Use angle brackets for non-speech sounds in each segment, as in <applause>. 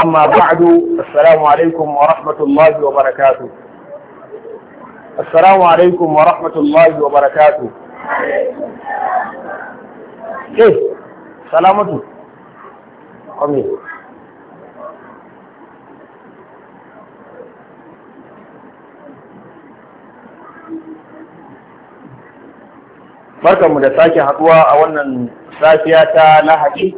أما بعد السلام عليكم ورحمة الله وبركاته السلام عليكم ورحمة الله وبركاته إيه سلامته قمي barkanmu da sake haduwa a wannan safiya ta lahadi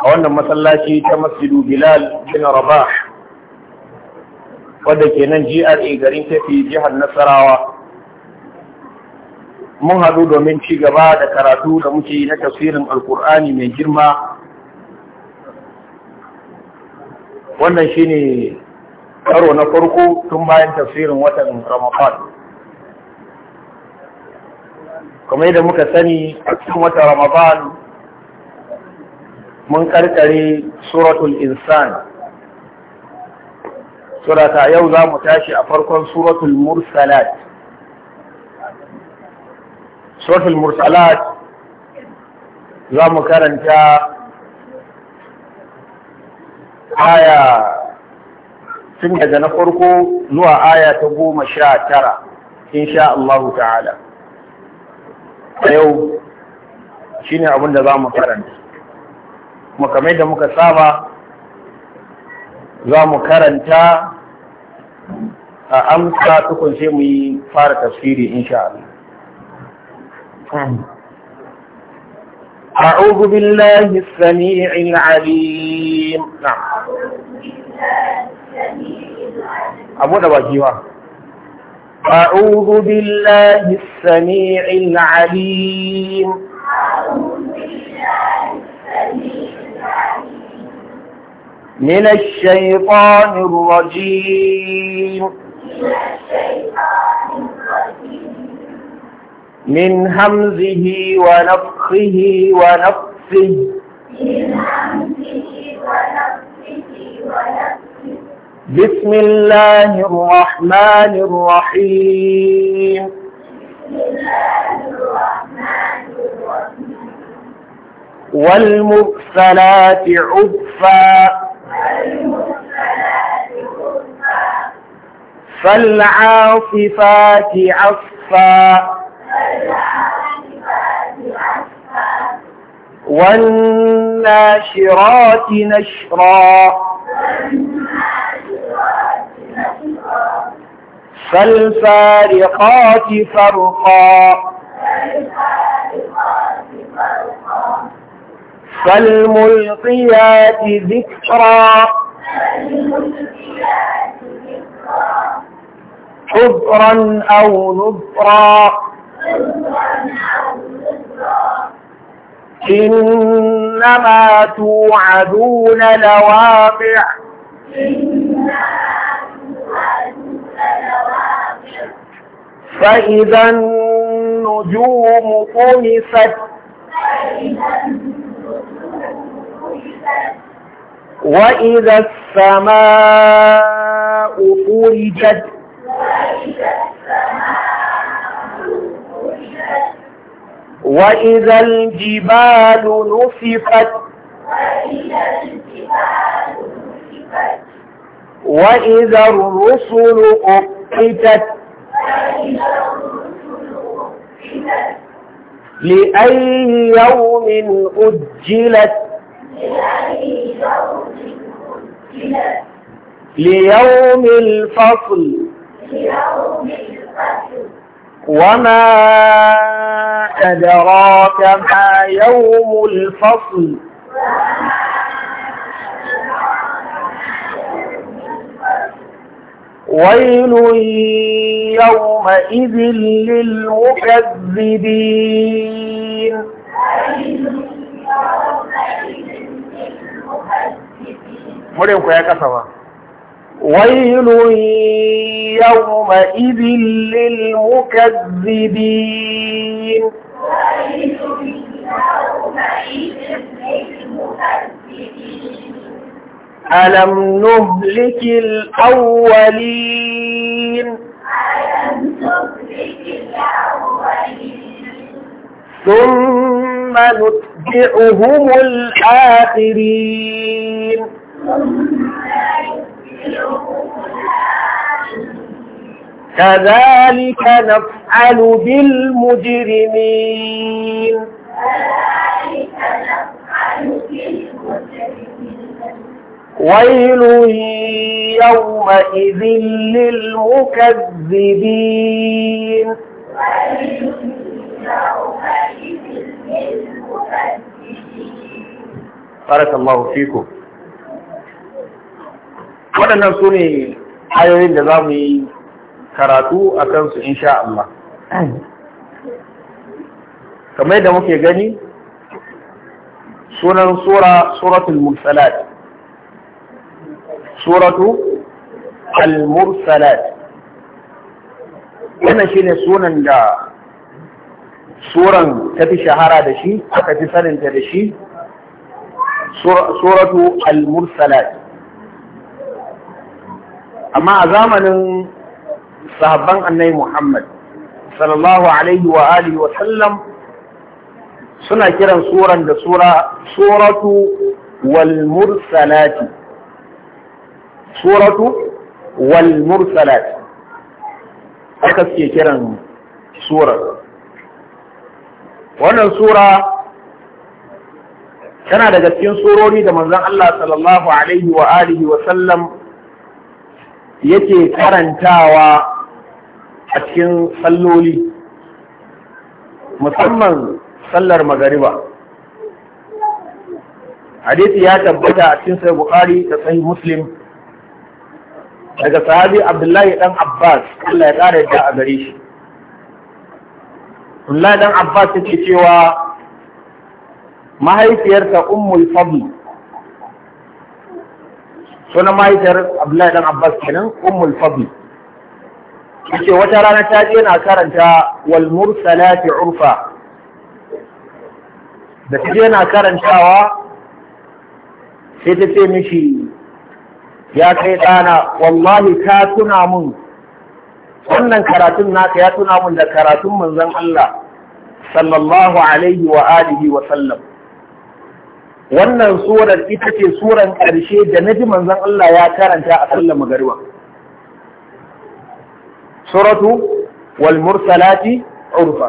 a wannan masallaci ta masjidu bilal bin rabah wadda ke nan GRA garin tafi jihar Nasarawa. Mun haɗu domin ci gaba da karatu da muke na tafsirin Alƙur'ani mai girma. Wannan shi ne karo na farko tun bayan tafsirin watan Ramadan. Kuma yadda muka sani a cikin watan Ramadan mun karkare suratul insan surata yau za mu tashi a farkon suratul mursalat suratul mursalat za mu karanta aya tun daga na farko zuwa aya ta goma sha tara insha Allahu ta'ala a yau shine abin da za mu karanta makamai da muka saba za mu karanta a amsa tukun sai mu yi fara tafsiri insha Allah أعوذ بالله sami'in العليم نعم أبو دواجيوا أعوذ بالله السميع العليم أعوذ من الشيطان الرجيم من همزه ونفخه ونفسه بسم الله الرحمن الرحيم والمرسلات عرفا فالعاصفات عصفا والناشرات نشرا فالفارقات فرقا فالملقيات ذكرا حبرا أو نفرا إنما توعدون لواقع فإذا النجوم طمست وإذا السماء فرجت وإذا الجبال نصفت وإذا الرسل أقتت لأي يوم أجلت ليوم الفصل وما أدراك ما يوم الفصل ويل يومئذ للمكذبين ويل يومئذ Muren ku ya kasa ba wailun yawma idhil lil mukazzibin ألم نهلك الأولين ثم نتبعهم الآخرين كذلك نفعل بالمجرمين ويل يومئذ للمكذبين بارك الله فيكم waɗannan su ne ayoyin da za mu yi karatu a kansu insha Allah kamar da muke gani sunan sura suratul mursalat suratu al-mursalat wannan shine sunan da suran ta fi shahara da shi aka fi saninta da shi suratu al-mursalat amma a zamanin sahabban annai Muhammad sallallahu alaihi wa alihi wa sallam suna kiran suran da sura suratu wal mursalati suratu wal mursalati aka suke kiran surar wannan sura tana daga cikin surori da manzan Allah sallallahu alaihi wa alihi wa sallam yake karantawa a cikin salloli musamman sallar magariba hadisi ya tabbata a cikin sai bukari da sahih muslim daga sahabi abdullahi dan abbas Allah ya kare da a gare shi Abdullahi dan abbas yake cewa mahaifiyarsa ummul fadl sunan mahaifiyar abdullahi dan abbas kenan ummul fadl yace wata rana ta je na karanta wal mursalati urfa da ta je na karantawa sai ta ce mishi ya kai ɗana wallahi ka tuna mun wannan karatun naka ya tuna mun da karatun manzon Allah sallallahu alaihi wa alihi wa sallam wannan surar ita ce suran ƙarshe da na ji manzan Allah ya karanta a sallar magariba suratu wal mursalati urfa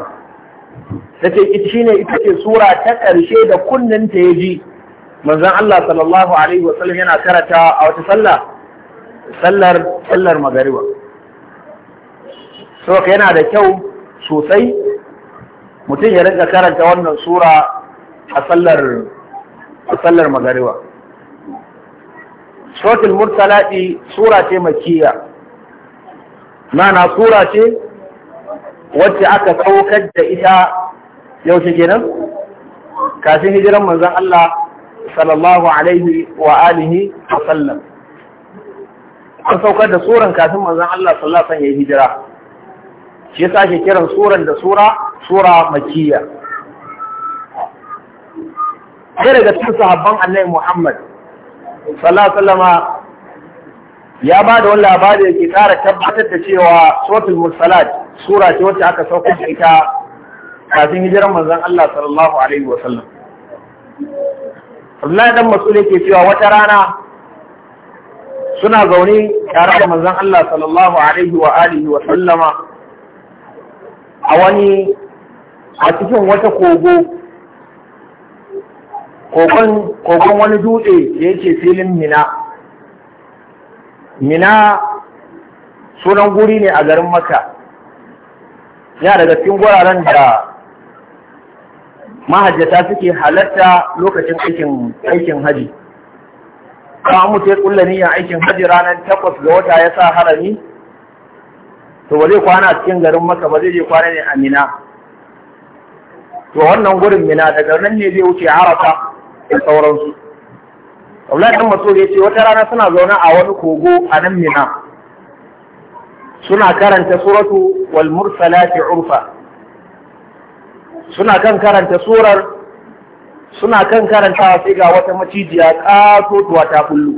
tace ita shine ita ce sura ta ƙarshe da kunnin ta ya ji manzan Allah sallallahu alaihi wa sallam yana karanta a wata sallah sallar sallar magariba so yana da kyau sosai mutum ya rinka karanta wannan sura a sallar a sallar magariba suratul mursalati sura ce makiyya mana sura ce wacce aka saukar da ita yaushe kenan kafin hijiran manzan Allah sallallahu alaihi wa alihi wa sallam an saukar da suran kafin manzan Allah sallallahu alaihi wa sallam ya hijira shi yasa ake kiran suran da sura sura makiya ɗaya daga cikin sahabban annabi Muhammad sallallahu alaihi ya ba da wani labari da ke ƙara tabbatar da cewa suratul mursalat sura ce wacce aka sauko da ita kafin hijiran manzon Allah sallallahu alaihi wasallam Allah dan Mas'ud yake cewa wata rana suna zaune tare da manzon Allah sallallahu alaihi wa alihi wa sallama a wani a cikin wata kogo kogon wani dutse da yake filin mina mina sunan guri ne a garin maka yana daga cikin guraren da mahajjata suke halatta lokacin aikin haji an mutu ya niyyar aikin haji ranar takwas ga wata ya sa harami to ba zai kwana cikin garin maka ba zai je kwana ne a mina to wannan gurin mina daga nan ne zai wuce arafa da sauransu Abdullahi dan Mas'ud ya ce wata rana suna zaune a wani kogo a nan Mina suna karanta suratu wal mursalati urfa suna kan karanta surar suna kan karantawa sai ga wata macijiya katotuwa ta kullu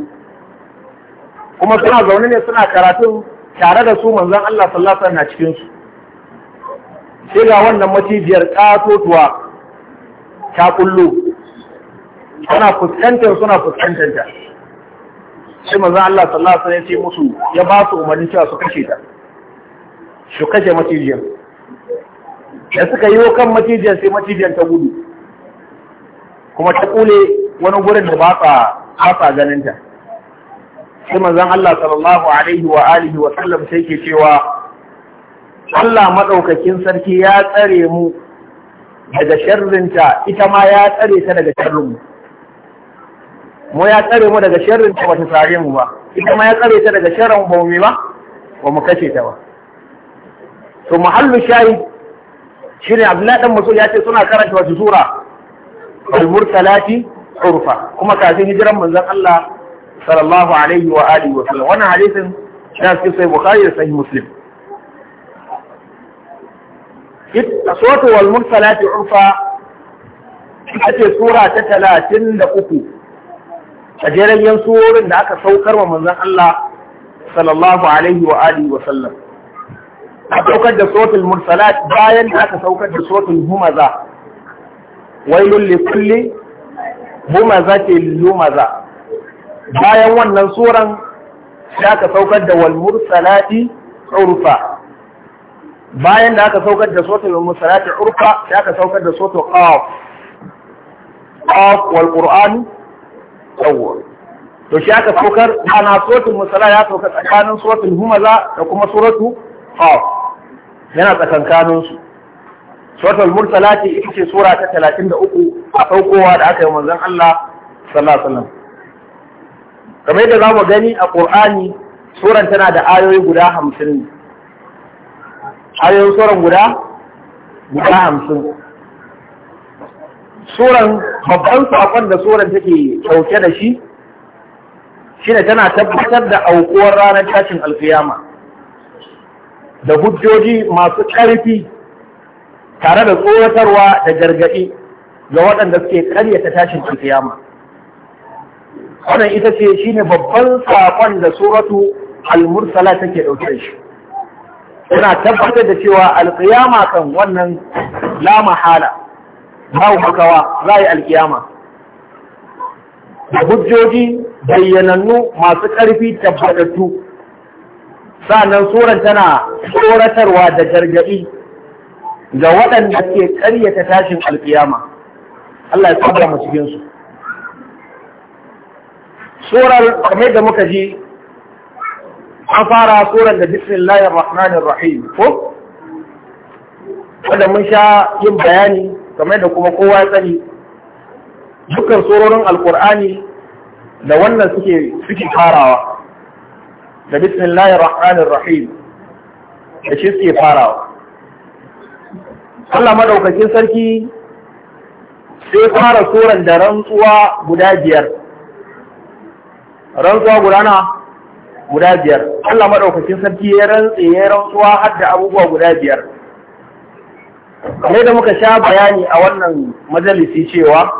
kuma suna zaune ne suna karatun tare da su manzon Allah sallallahu alaihi na cikin su sai ga wannan macijiyar katotuwa ta kullu tana fuskantar suna fuskantar ta shi maza Allah sallallahu alaihi wasallam ya ce musu ya ba su umarni cewa su kashe ta su kashe macijiyar da suka yi kan macijiyar sai macijiyar ta gudu kuma ta kule wani gurin da ba sa ba ganin ta sai manzon Allah sallallahu alaihi wa alihi wa sallam sai ke cewa Allah madaukakin sarki ya tsare mu daga sharrinta ita ma ya tsare ta daga sharrinmu mu ya tsare mu daga sharrin ta wata sare mu ba ita ma ya tsare ta daga sharrin ba mu ba ba mu kashe ta ba to muhallu shayi shine Abdullahi dan Mas'ud ya ce suna karanta wata sura al-mursalati urfa kuma kafin hijiran manzon Allah sallallahu alaihi wa alihi wa sallam wannan hadisin ya cikin sai Bukhari da sahih Muslim Aswatu wal mursalati urfa ita ce sura ta talatin da uku gajeren yan surorin da aka saukar wa manzon Allah sallallahu alaihi wa alihi wa sallam a saukar da suratul mursalat bayan da aka saukar da suratul humaza wailul li kulli ke lumaza bayan wannan suran sai aka saukar da wal mursalati urfa bayan da aka saukar da suratul mursalati urfa sai aka saukar da suratul qaf qaf wal qur'an yawwa to shi aka saukar ana sotun musala ya sauka tsakanin sotun humaza da kuma suratu qaf yana tsakankanin su sotun murtala ce ita ce sura ta 33 a saukowa da aka yi manzon Allah sallallahu alaihi wasallam kamar yadda zamu gani a Qur'ani suran tana da ayoyi guda 50 ayoyin suran guda guda 50 suran babban saƙon da suran take ɗauke da shi shi shine tana tabbatar da aukuwar ranar tashin alfiyama da hujjoji masu ƙarfi tare da tsoratarwa da gargaɗi ga waɗanda suke ƙaryata tashin alfiyama wannan ita ce shi ne babban saƙon da suratu al-mursala take ɗauke da shi tana tabbatar da cewa alƙiyama kan wannan la mahala babu makawa za a yi alkiyama da hujjoji bayyanannu masu ƙarfi tabbatattu sa'annan tsoron tana tsoratarwa da gargaɗi ga waɗanda ke ƙaryata tashin alkiyama Allah ya tsabba mu cikinsu surar kamar da muka ji an fara tsoron da bismillahir rahmanir rahim ko wanda mun sha yin bayani kamar da kuma kowa ya sani dukkan sororin alkur'ani da wannan suke suke farawa da bismillahir rahmanir rahim da shi suke farawa Allah madaukakin sarki sai fara tsoron da rantsuwa guda biyar rantsuwa guda na guda biyar Allah madaukakin sarki ya rantse ya rantsuwa har da abubuwa guda biyar kamar yadda muka sha bayani a wannan majalisi cewa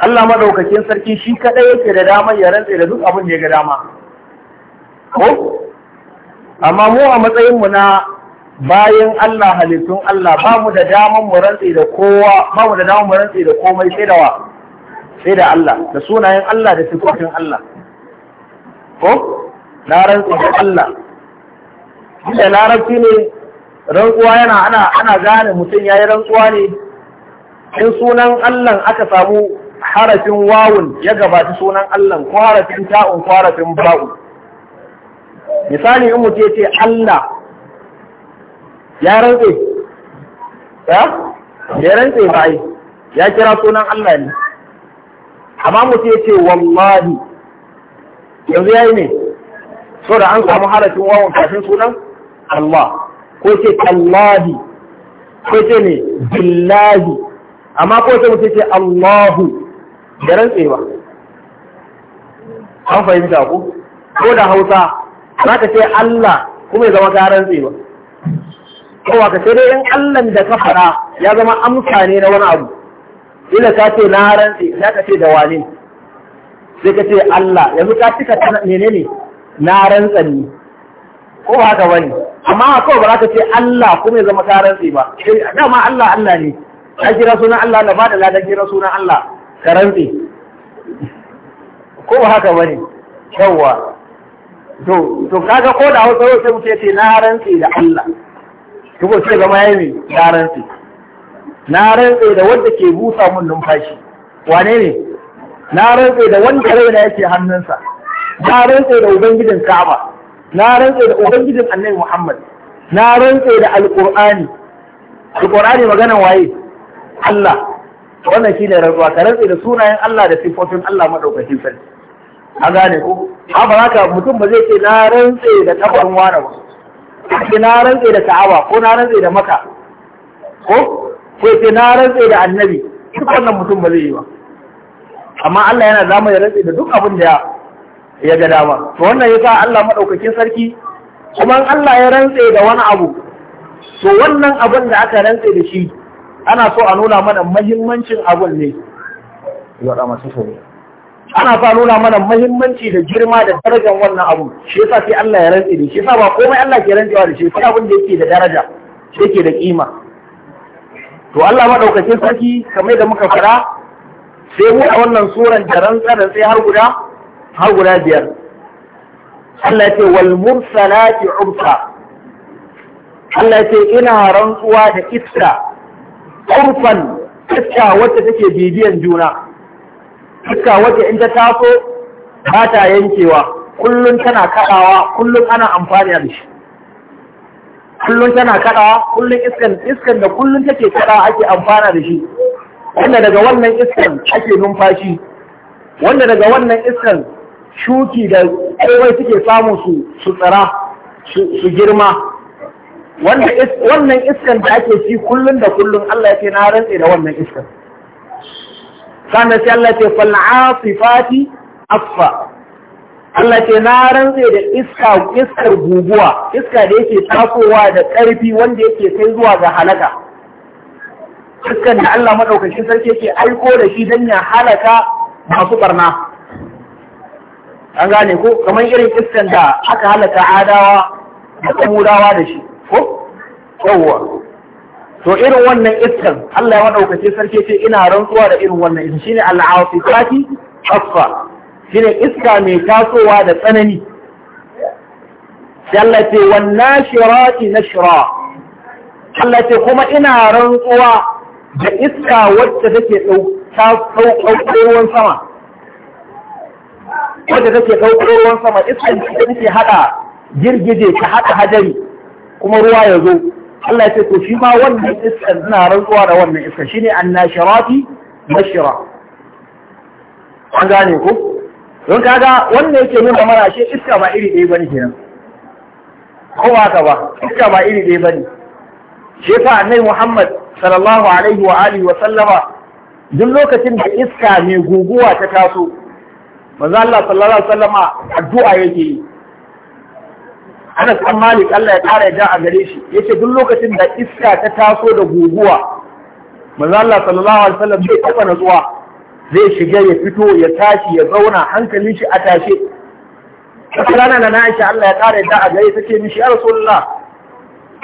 Allah madaukakin sarki shi kadai yake da damar ya rantse da duk abin da ya ga dama ko amma mu a matsayin mu na bayan Allah halittun Allah ba mu da damar mu rantse da kowa ba mu da damar mu rantse da komai sai da wa sai da Allah da sunayen Allah da sifofin Allah ko na rantse da Allah da larabci ne rantsuwa yana ana ana gane mutum yayi rantsuwa ne in sunan Allah aka samu harafin wawun ya gabata sunan Allah ko harafin ta'un ko harafin ba'u misali in mutum ce Allah ya rantse ya ya rantse ba ya kira sunan Allah ne amma mutum ya ce wallahi yanzu yayi ne so da an samu harafin wawun kafin sunan Allah ko ce tallahi ko ce ne billahi amma ko ce mutu ce allahu da rantsewa an fahimta ku ko da hausa za ka ce allah kuma ya zama ka rantsewa kowa ka sai dai 'Yan allah da ka fara ya zama amsa ne na wani abu ina ka ce na rantse ya ka ce da wani sai ka ce allah yanzu ka cika menene na rantsa ne ko ba haka bane amma kawai ba za ka ce Allah kuma ya zama tsi ba eh, dama Allah Allah ne ka kira sunan Allah na da la ka kira sunan Allah tsi ko ba haka bane yawa to to kaga ko da hausa sai mu ce na tsi da Allah kuma sai zama yayi ne na tsi na tsi da wanda ke busa mun numfashi wane ne na tsi da wanda raina yake hannunsa na tsi da ubangijin Ka'aba na rantse da ubangijin annabi Muhammad na rantse da alqur'ani alqur'ani maganan waye Allah wannan shine rantsuwa ka rantse da sunayen Allah da sifofin Allah madaukakin sarki a gane ko haka haka mutum ba zai ce na rantse da kabarin wara ba ce na rantse da Ka'aba ko na rantse da Makka ko ko ce na rantse da Annabi duk wannan mutum ba zai yi ba amma Allah yana zama ya rantse da duk abin da ya ga dama to wannan ya sa Allah madaukakin sarki kuma Allah ya rantse da wani abu to wannan abin da aka rantse da shi ana so a nuna mana mahimmancin abun ne ana so a nuna mana mahimmanci da girma da darajar wannan abu shi yasa sai Allah ya rantse da shi yasa ba komai Allah ke rantsewa da shi sai abin da yake da daraja yake da kima to Allah madaukakin sarki kamar da muka fara sai mu a wannan suran da rantsa da sai har guda har guda biyar Allah ce wal mursalati urfa Allah ce ina rantsuwa da iska urfan iska wacce take bibiyan juna iska wacce in ta taso ba ta yankewa kullum tana kaɗawa kullum ana amfani da shi kullum tana kaɗawa kullum iskan iskan da kullum take kaɗa ake amfana da shi wanda daga wannan iskan ake numfashi wanda daga wannan iskan shuki da kowai suke samu su su tsara su girma wannan iskan da ake ci kullum da kullum Allah ya ce na rantse da wannan iskan sannan sai Allah ce fal'asifati asfa Allah ya ce na rantse da iska iskar guguwa iska da yake tasowa da ƙarfi wanda yake kai zuwa ga halaka iskan da Allah madaukakin sarki yake aiko da shi dan ya halaka masu barna an gane ko kamar irin iskan da aka halata adawa da kamurawa da shi ko yawwa to irin wannan iskan Allah ya madaukake sarki ce ina rantsuwa da irin wannan iskan shine al-asifati asfa shine iska mai tasowa da tsanani sai Allah ce wan nashirati nashra Allah ce kuma ina rantsuwa da iska wacce take ɗauka ruwan sama wanda take ɗauko ruwan sama iskan da take haɗa girgije ta haɗa hadari kuma ruwa ya zo Allah ya ce to shi ma wannan iskan ina rantsuwa da wannan iskan shine annashirati mashira an gane ko don kaga wanda yake nuna mana shi iska ba iri ɗaya bane kenan ko ba ka ba iska ba iri ɗaya bane shi fa annabi Muhammad sallallahu alaihi wa alihi wa sallama duk lokacin da iska mai guguwa ta taso manzo Allah sallallahu alaihi wasallama addu'a yake yi Anas an Malik Allah ya ya ja a gare shi yace duk lokacin da iska ta taso da guguwa manzo Allah sallallahu alaihi wasallam zai taba nazuwa zai shiga ya fito ya tashi ya zauna hankalin shi a tashe wata rana na Aisha Allah ya ya ja a gare ta ce mishi ya Rasulullah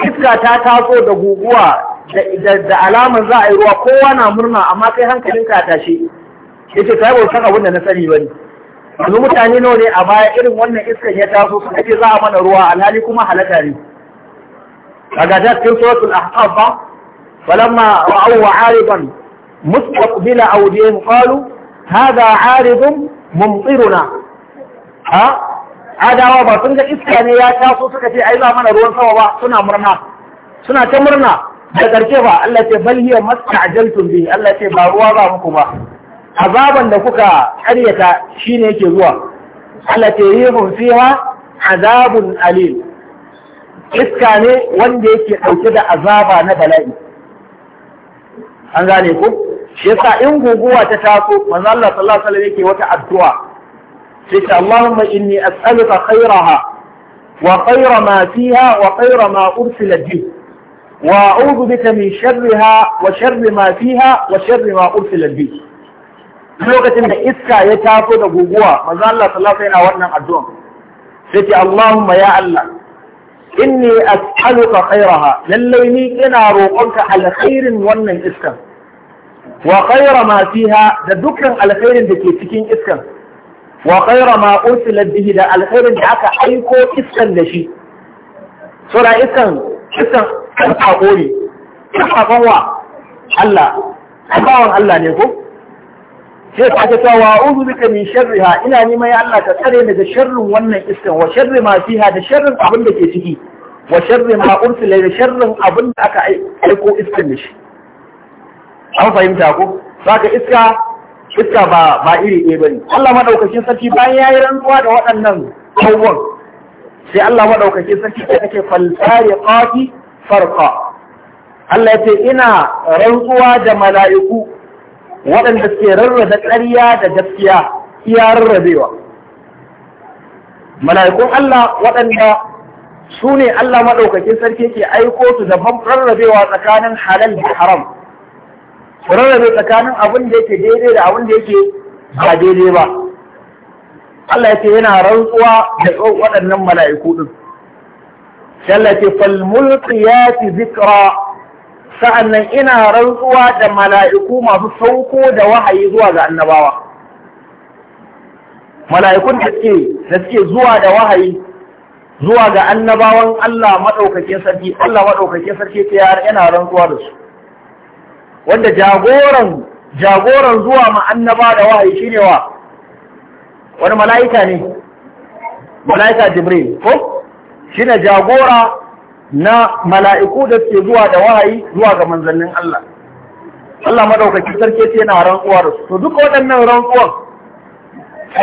iska ta taso da guguwa da alamar za a yi ruwa kowa na murna amma kai hankalinka a tashe yace kai ba san abin da na sani bane yanzu mutane nawa ne a baya irin wannan iskan ya taso su ce za a mana ruwa alhali kuma halaka ne daga ta cikin suratul ahqaf ba falamma ra'aw ariban mustaqbila awdihim qalu hadha aridun mumtiruna ha adawa ba sun ga iska ne ya taso suka ce ai za mana ruwan sama ba suna murna suna ta murna da karshe ba Allah ce bal hiya mastajaltum bi Allah ce ba ruwa ba muku ba azaban da kuka karyata shine yake zuwa alatirihun fiha azabun alim iska ne wanda yake ɗauke da azaba na bala'i an gane ku shi yasa in guguwa ta taso manzo Allah sallallahu alaihi yake wata addu'a sai ta Allahumma inni as'aluka khairaha wa khaira ma fiha wa khaira ma ursilat bi wa a'udhu bika min sharriha wa sharri ma fiha wa sharri ma ursilat bi lokacin da iska ya taso da guguwa manzo Allah sallallahu alaihi wannan addu'a sai ce Allahumma ya Allah inni as'aluka khairaha lallai ni ina roƙonka alkhairin wannan iskan wa khaira ma fiha da dukkan alkhairin da ke cikin iskan wa khaira ma ursilat bihi da alkhairin da aka aiko iskan da shi sura iskan iskan an sako ne sakon wa Allah Allah ne ko sai ka ta cewa wa a'udhu bika min sharriha ina neman ya Allah ka tsare daga sharrin wannan iskan wa sharri ma fiha da sharrin abin da ke ciki wa sharri ma ursila da sharrin abin da aka aiko iskan da shi an fahimta ko saka iska iska ba ba iri ɗaya bane Allah madaukakin sarki bayan yayi rantsuwa da waɗannan abubuwan sai Allah madaukakin sarki ya kace falsari qati farqa Allah ya ce ina rantsuwa da mala'iku waɗanda suke rarraba ƙarya da gaskiya iya rarrabewa mala'ikun Allah waɗanda su ne Allah maɗaukakin sarki ke aiko su da rarrabewa tsakanin halal da haram su rarrabe tsakanin abin da yake daidai da abin da yake ba daidai ba Allah yake yana rantsuwa da waɗannan mala'iku ɗin. Shallake falmulkiyati zikra sa'annan ina rantsuwa da mala'iku masu sauko da wahayi zuwa ga annabawa mala'ikun da suke da suke zuwa da wahayi zuwa ga annabawan Allah maɗaukakin sarki Allah maɗaukakin sarki ta yar yana rantsuwa da su wanda jagoran jagoran zuwa ma annaba da wahayi shine wa wani mala'ika ne mala'ika Jibril ko shine jagora na mala'iku da suke zuwa da wahayi zuwa ga manzannin Allah Allah madaukaki sarki ce yana rantsuwa da su to duka waɗannan rantsuwan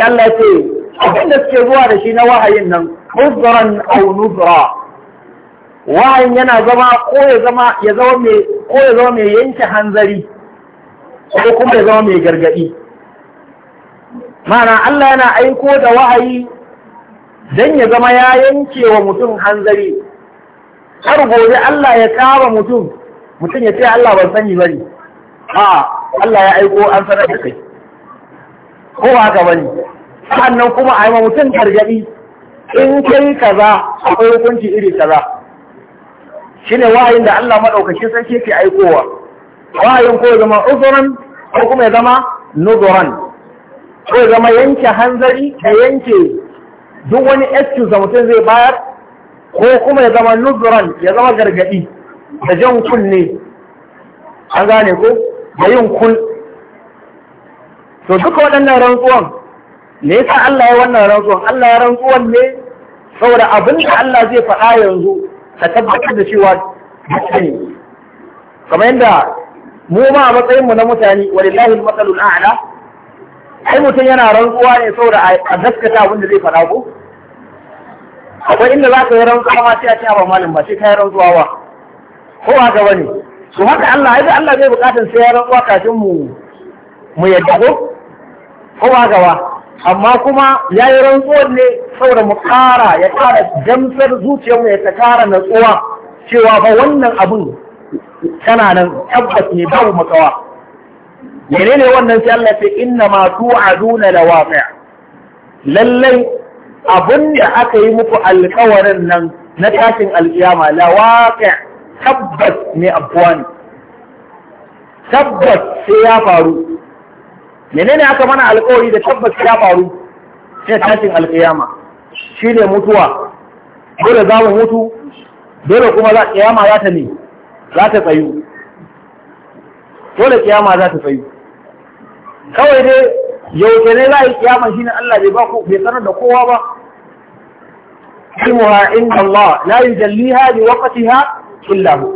Allah ce abin da suke zuwa da shi na wahayin nan uzran aw nuzra wahayin yana zama ko ya zama ya zama mai ko ya zama mai yanke hanzari ko kuma ya zama mai gargaɗi Mana Allah yana aiko da wahayi dan ya zama ya yanke wa mutum hanzari har gobe Allah ya kama mutum mutum ya ce Allah ban sani ba ne. a'a Allah ya aiko an sanar da kai ko haka bane sannan kuma a yi ma mutum targadi. in kai kaza akwai hukunci iri kaza shine wahayin da Allah madaukaki ke ke aikowa wahayin ko zama uzuran ko kuma ya zama nuduran ko ya zama yanke hanzari ka yanke duk wani excuse da mutum zai bayar ko kuma ya zama nuduran ya zama gargadi da jan kunne an gane ko da yin kul to duka waɗannan rantsuwan me yasa Allah ya wannan rantsuwan Allah ya rantsuwan ne saboda abin da Allah zai faɗa yanzu ta tabbatar da cewa ne kamar yadda mu ma a matsayin mu na mutane walillahi al-masalul a'la ai mutum yana rantsuwa ne saboda a gaskata abin da zai faɗa ko akwai inda za ka yi rantsuwa ma sai a ce ba malam ba sai ka yi rantsuwa ba ko ba ga ne? su haka Allah ya Allah zai bukatar sai ya rantsuwa kafin mu mu yadda ko ko ba amma kuma ya yi rantsuwa ne saboda mu kara ya kara zuciyar mu ya ta kara natsuwa cewa ba wannan abun tana nan tabbas ne babu makawa menene wannan sai Allah sai inna ma tu'aduna lawaqi lallai abin da aka yi muku alkawarin nan na tashin alkiyama la waqi tabbas ne afwan tabbas sai ya faru menene aka mana alkawari da tabbas ya faru sai tashin alkiyama shine mutuwa dole za mu mutu dole kuma za kiyama za ta ne za ta tsayu dole kiyama za ta tsayu kawai dai yau ne za a yi kiyama ne Allah bai bai sanar da kowa ba علمها عند الله لا يجليها لوقتها إلا هو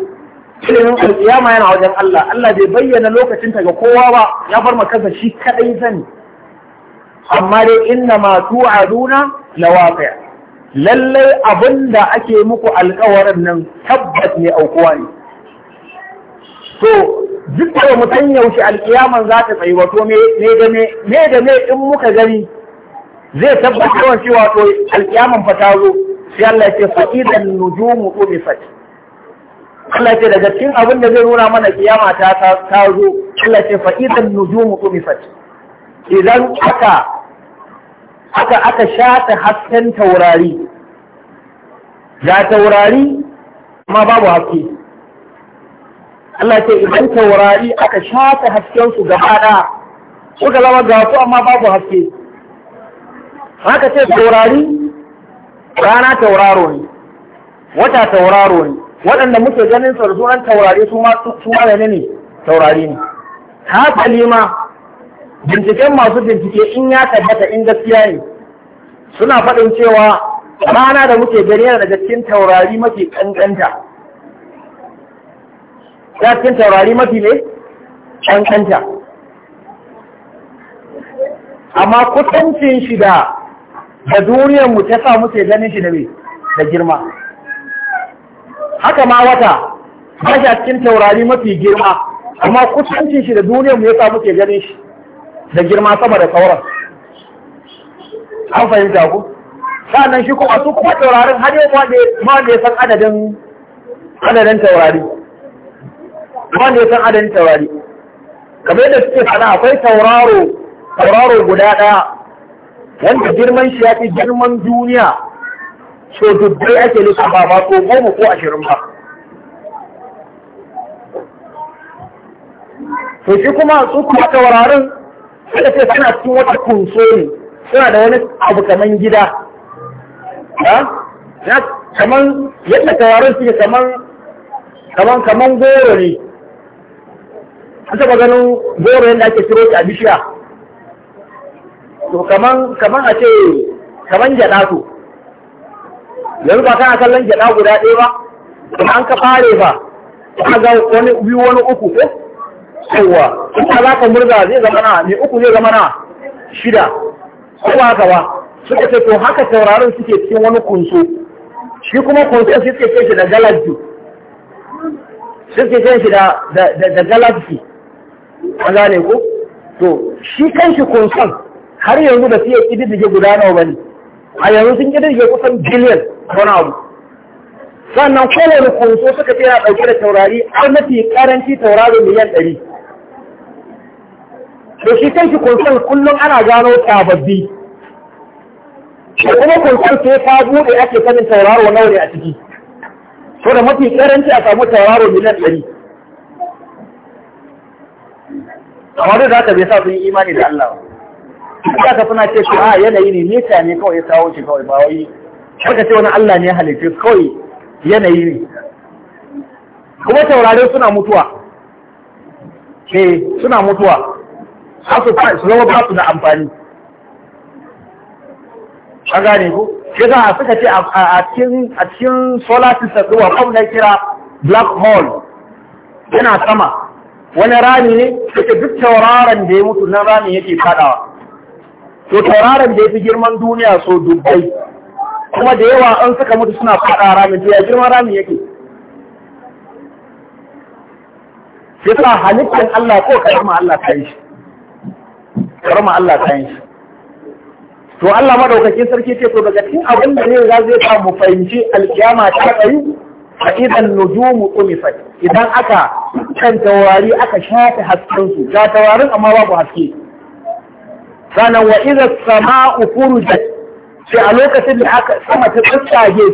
ilimin alƙiyama yana wajen Allah Allah bai bayyana lokacin ga kowa ba ya bar kansa shi kadai sani amma dai inna ma tu'aduna lawaqi lallai abinda ake muku alƙawarin nan tabbat ne aukuwa ne to duk da mu san yaushe alƙiyaman za ta tsayi wato me da me me da me in muka gani zai tabbatar cewa to alkiyaman fa ta zo sai Allah ya ce fa idan nujumu qulifat Allah ce daga cikin abin da zai nuna mana kiyama ta ta zo Allah ce fa idan nujumu qulifat idan aka aka aka shata hasken taurari ga taurari amma babu haske Allah ce idan taurari aka shata hasken su gaba ɗaya suka zama ga su amma babu haske haka ce taurari rana tauraro ne wata tauraro ne waɗanda muke ganin su da sunan taurari su ma ne ne taurari ne haka lima binciken masu bincike in ya tabbata in gaskiya ne suna faɗin cewa rana da muke gani yana daga cikin taurari mafi ƙanƙanta ya cikin taurari mafi ne ƙanƙanta amma kusancin shi da da duniyar mu ta sa muke ganin shi da me da girma haka ma wata ba shi a cikin taurari mafi girma amma kusancin shi da duniyar mu ya sa muke ganin shi da girma sama da sauran an fahimta ku sa'annan shi kuma su kuma taurarin har yau ma da ya san adadin adadin taurari da ya san adadin taurari kamar yadda suke faɗa akwai tauraro tauraro guda ɗaya wanda girman shi ya fi girman duniya so dubbai ake lisa ba ko goma ko ashirin ba to shi kuma su kuma taurarin suka ce suna cikin wata kunso ne suna da wani abu kaman gida kaman yadda taurarin suke kaman kaman goro ne an taba ganin goro yadda ake shiro shi a bishiya to kaman kaman a ce kaman gyaɗa to yanzu ba kana kallon gyaɗa guda ɗaya ba kuma an ka fare ba ka ga wani biyu wani uku ko yawa ka za ka murza zai zama na ne uku zai zama na shida ko haka ba suka ce to haka tauraron suke cikin wani kunso shi kuma kunso suke ce shi da galaxy suke ce shi da da galaxy an gane ko to shi kanshi kunson har yanzu ba su iya ƙididdige guda nawa ba ne a yanzu sun ƙididdige kusan biliyan wani abu sannan kowane kunso suka ce yana ɗauke da taurari har mafi ƙaranci taurari miliyan ɗari da shi shi kunson kullum ana gano sababbi da kuma kunson sai ta buɗe ake sanin tauraro nawa ne a ciki so da mafi ƙaranci a samu tauraro miliyan ɗari A duk za ta bai sa sun yi imani da Allah ba ka suna ce su a ah, yanayi ne nesa ne kawai ya kawo shi kawai ba wai haka ce wani Allah ne ya halitta kawai yanayi ne. Kuma taurari suna mutuwa. Eh suna mutuwa. Hasu su zama ba su da amfani. An gane ku? Ya za a suka ce a cikin solar system ɗin wa na kira black hole yana sama. Wani rami ne, suke duk tauraron da ya mutu na rami yake fadawa. to tauraron da ya fi girman duniya so dubbai kuma da yawa an suka mutu suna faɗa ramin to ya girman ramin yake shi sa halittar Allah ko karama Allah ta yi shi karama Allah ta yi shi to Allah madaukakin sarki ce to daga cikin abin da ne za zai sa mu fahimci alkiyama ta tsayu fa idan nujumu umifat idan aka kan tawari aka shafe hasken su ga tawarin amma babu haske sannan wa idza sama'u furujat sai a lokacin da aka sama ta tsatsage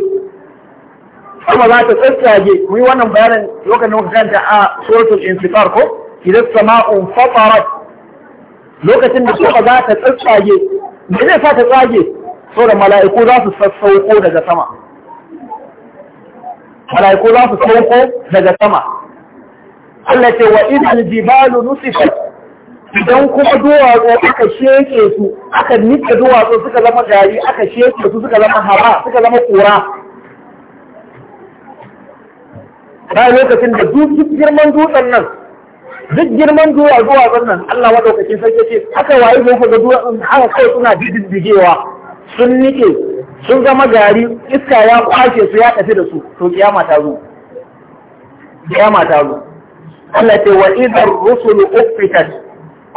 sama za ta tsatsage Mun yi wannan bayanin lokacin da muka kanta a suratul infitar ko idza sama'u fatarat lokacin da sama za ta tsatsage me zai sa ta tsage so da mala'iku za su sassauko daga sama mala'iku za su sauko daga sama Allah ce wa idza jibalu nusifat idan kuma duwatsu aka sheke su aka nika duwatsu suka zama gari aka sheke su suka zama haba suka zama kura bayan lokacin da duk girman dutsen nan duk girman duwatsu nan Allah madaukakin sarki ce aka waye gofa ga duwatsun haka kawai suna digewa? sun nike sun zama gari iska ya kwashe su ya tafi da su to kiyama ta zo kiyama ta zo Allah ce wa idar rusulu uffitat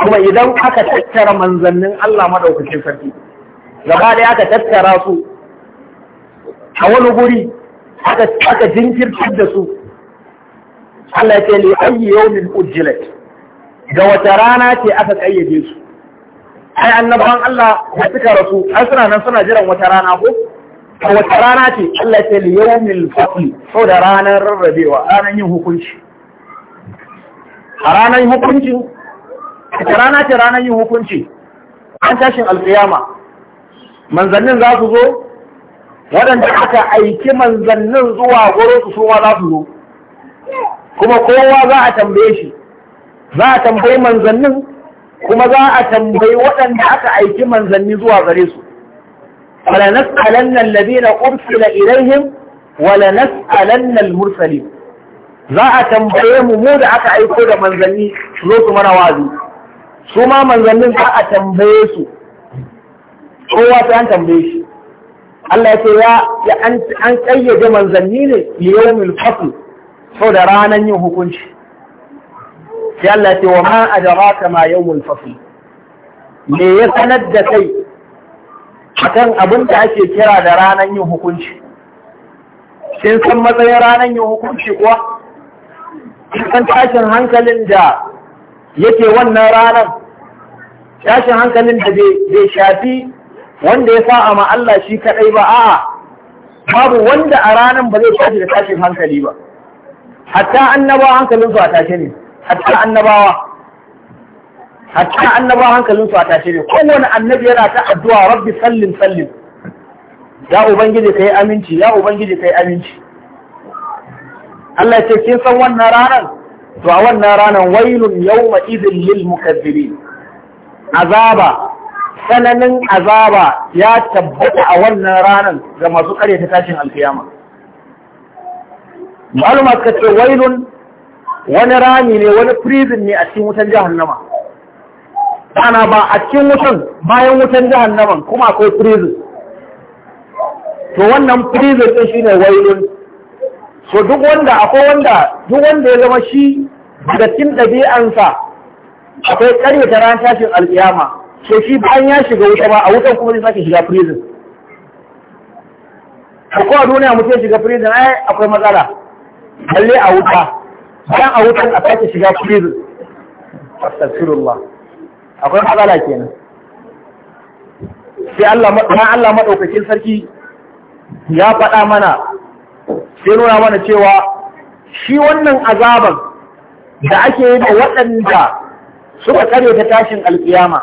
kuma idan aka tattara manzannin Allah madaukakin sarki gaba da aka tattara su a wani guri aka jinkirtar da su Allah ya ce li ayyi min ujjilat ga wata rana ce aka kayyade su ai annabawan Allah da suka rasu an suna nan suna jiran wata rana ko a wata rana ce Allah ya ce li yawmil sau saboda ranar rarrabewa ranar yin hukunci a ranar hukuncin ta rana ce ranar yin hukunci an tashin alƙiyama manzannin za su zo waɗanda aka aiki manzannin zuwa gurin su suma za su zo kuma kowa za a tambaye shi za a tambayi manzannin kuma za a tambayi waɗanda aka aiki manzanni zuwa gare su wala nas'alanna alladhina ursila ilaihim wala nas'alanna al-mursalin za a tambaye mu mu da aka aiko da manzanni su zo su mana wazi su ma manzannin za a tambaye su kowa sai an tambaye shi Allah ya ce ya an kayyade manzanni ne mil fasl sau da ranar yin hukunci sai Allah ya ce wa ma adraka ma mil fasl me ya sanar da kai akan abin da ake kira da ranar yin hukunci sun san matsayin ranar yin hukunci kuwa sun tashin hankalin da yake wannan ranar tashin hankalin da bai shafi wanda ya sa ma Allah shi kaɗai ba a'a babu wanda a ranar ba zai tashi da tashin hankali ba hatta annabawa hankalinsu a tashe ne hatta annabawa hatta annabawa hankalinsu a tashe ne kowane annabi yana ta addu'a rabbi sallin sallin ya ubangiji kai aminci ya ubangiji kai aminci Allah ya ce kin san wannan ranar to a wannan ranar wailun yawma izin lil mukaththibin azaba tsananin azaba ya tabbata a wannan ranar ga masu ta tashin alkiyama maluma ka ce wailun wani rami ne wani prison ne a cikin wutan jahannama ana ba a cikin wutan bayan wutan jahannaman kuma akwai prison to wannan prison ɗin shine wailun so duk wanda akwai wanda duk wanda ya zama shi daga cikin ɗabi'ansa akwai ta ran tashin alƙiyama to shi bayan ya shiga wuta ba a wutan kuma zai sake shiga prison a kowa duniya mutum shiga prison ai akwai matsala balle a wuta bayan a wutan a sake shiga prison astagfirullah akwai matsala kenan sai Allah ma Allah madaukakin sarki ya faɗa mana sai nuna mana cewa shi wannan azaban da ake yi da waɗanda suka kare ta tashin alkiyama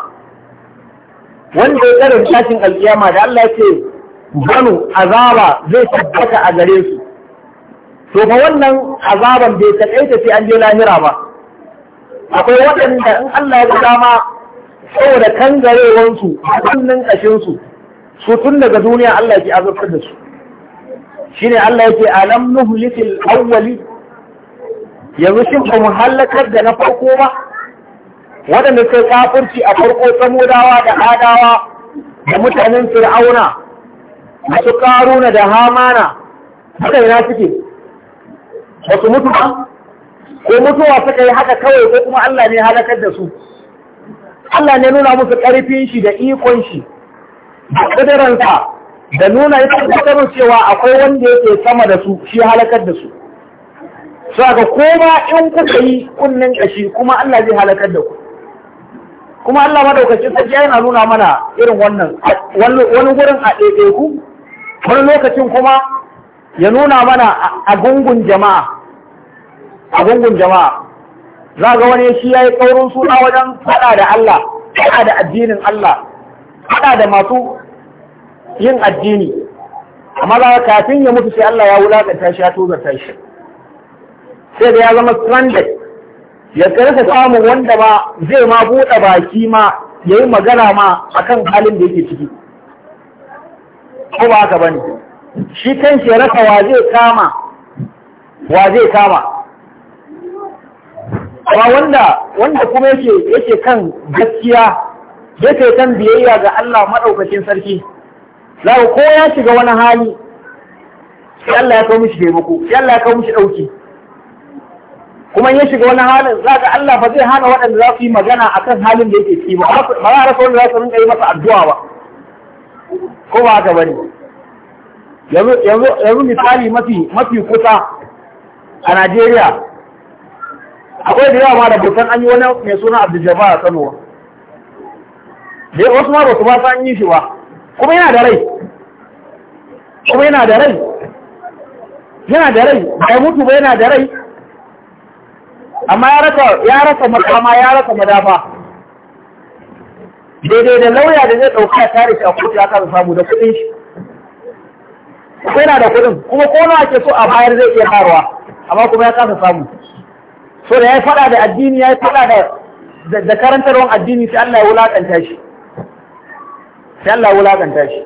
wanda ya kare tashin alkiyama da Allah ce banu azaba zai tabbata a gare su to fa wannan azaban bai takaita sai an je lahira ba akwai waɗanda in Allah ya dama saboda kangarewansu a kunnen ƙashinsu su tun daga duniya Allah ke azabtar da su shine Allah yake alam nuhlikil awwali yanzu shin ba mu halakar da na farko ba waɗanda suka kafurci a farko samudawa da adawa da mutanen fir'auna masu karuna da hamana haka yana suke ba su mutu ba ko mutuwa suka yi haka kawai ko kuma Allah ne halakar da su Allah ne nuna musu ƙarfin shi da ikon shi da ƙuduransa da nuna ya tabbatar cewa akwai wanda yake sama da su shi halakar da su saka koma in kuka yi kunnin ƙashi kuma Allah zai halakar da ku kuma Allah madaukakin sarki yana nuna mana irin wannan wani gurin a ɗaiɗaiku wani lokacin kuma ya nuna mana a gungun jama'a a gungun jama'a za ga wani shi ya yi ƙaurin suna wajen faɗa da Allah faɗa da addinin Allah faɗa da masu yin addini amma za kafin ya mutu sai Allah ya wulaƙanta shi ya tozarta shi sai da ya zama stranded ya karka samun wanda ba zai ma buɗe baki ma ya yi magana ma akan halin da yake ciki ko ba haka bane shi kan shi rasa wa zai kama wa zai kama ba wanda wanda kuma yake yake kan gaskiya yake kan biyayya ga Allah maɗaukacin sarki za ko ya shiga wani hali sai Allah ya kawo mishi taimako sai Allah ya kawo mishi dauki kuma ya shiga wani halin za ga Allah ba zai hana waɗanda za su yi magana a kan halin da yake ciki ba ba za a rasa wanda za su rinka yi masa addu'a ba ko ba haka bane yanzu misali mafi mafi kusa a Najeriya akwai da yawa ma da bautan an yi wani mai suna Abdul Jabbar Kano dai wasu ma ba su ba san yi shi ba kuma yana da rai kuma yana da rai yana da rai bai mutu ba yana da rai amma ya rasa ya rasa makama ya rasa madafa daidai da lauya da zai ɗauka tare shi a kotu ya kasa samu da kuɗin shi sai na da kuɗin kuma ko na ke so a bayar zai iya karuwa amma kuma ya kasa samu so da ya faɗa da addini ya faɗa da da karantarwar addini sai Allah ya wulakanta shi sai Allah ya wulakanta shi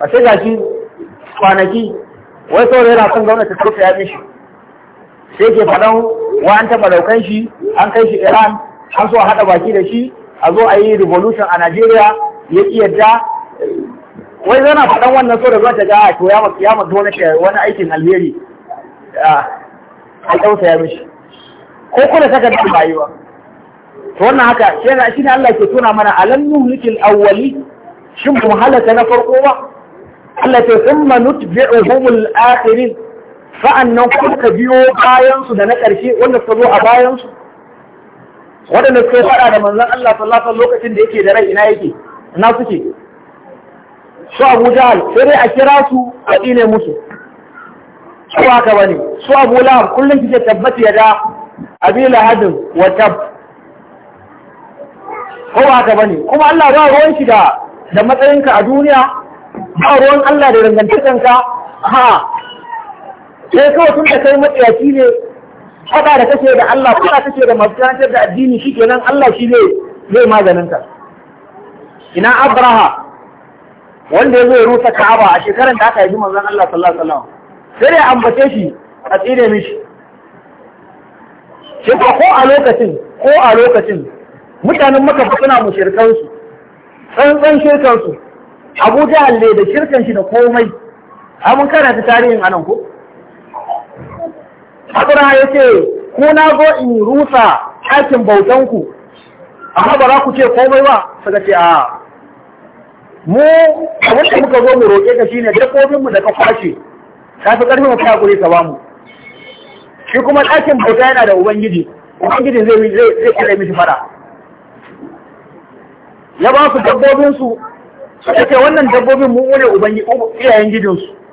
a sai gashi kwanaki wai saurayi yana son gwamnati ta ya mishi sai ke faɗan wa an taɓa ɗaukan shi an kai shi iran an so a haɗa baki da shi a zo a yi revolution a najeriya ya ƙi yadda wai zana faɗan wannan so da zuwa ta ga ah, to ya masu wani aikin alheri a ɗausa ya mishi ko kuna saka da bayuwa to wannan haka shi ne Allah ke tuna mana alam nuhlikil awwali shin mu halaka na farko ba Allah ta thumma nutbi'uhum al-akhirin sa'annan nan kuka biyo bayansu da na ƙarshe wanda suka zo a bayansu waɗanda suka faɗa da manzon Allah sallallahu alaihi lokacin da yake da rai ina yake ina suke su Abu Jahl sai dai a kira su a tsine musu su haka bane su Abu Lahab kullum kike tabbata ya da Abi Lahab wa tab ko haka bane kuma Allah ba ruwan shi da da matsayinka a duniya ba ruwan Allah da dangantakanka ha sai kawai tun da kai matsayaci ne faɗa da kake da Allah faɗa kake da masu karantar da addini shi kenan Allah shi ne zai maganin ka ina Abraha wanda ya zo ya rusa Ka'aba a shekaran da aka yi manzon Allah sallallahu alaihi wasallam sai ya ambace shi a tsire mishi shi ko a lokacin ko a lokacin mutanen maka suna mushirkan su tsantsan shirkan su Abu Jahal ne da shirkan shi da komai amma karanta tarihin anan ko Hadura ya ce, ku na zo in rusa ɗakin bautanku, amma ba za ku ce komai ba, suka ce a mu abin da muka zo mu roƙe ka shi ne da ka kwashe, ka fi ƙarfi mu kai hakuri ka mu. Shi kuma ɗakin bauta yana da Ubangiji, Ubangiji zai kira kare mishi fara. Ya ba su dabbobinsu, suka ce wannan dabbobin mu ne iyayen gidinsu.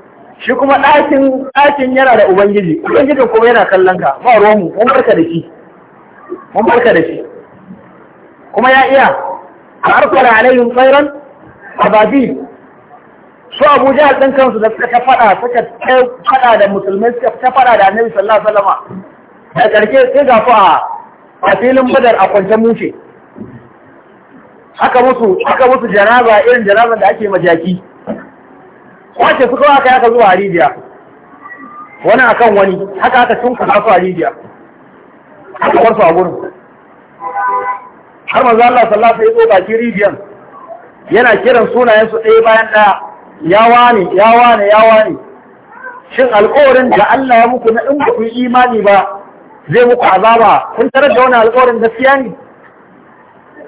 shi kuma ɗakin ɗakin yana da ubangiji Ubangiji kuma yana kallon ka ba ruwan mu mun barka da shi mun barka da shi kuma ya iya a arsala alaihim a babi su Abu Jahal ɗin kansu da suka faɗa suka fada da musulmai suka ta faɗa da Annabi sallallahu alaihi wasallam da ƙarshe sai ga fa a filin Badar a kwance mushe aka musu aka musu irin jaraban da ake majaki wace suka aka yaka zuwa Libya wani akan wani haka aka kasa su Libya aka war su a gurin har manzo Allah sallallahu ya zo baki rijiyan yana kiran sunayen su ɗaya bayan ɗaya ya wane ya wane ya wane shin alƙawarin da Allah ya muku na in ba ku imani ba zai muku azaba kun tarar da wani alƙawarin gaskiya ne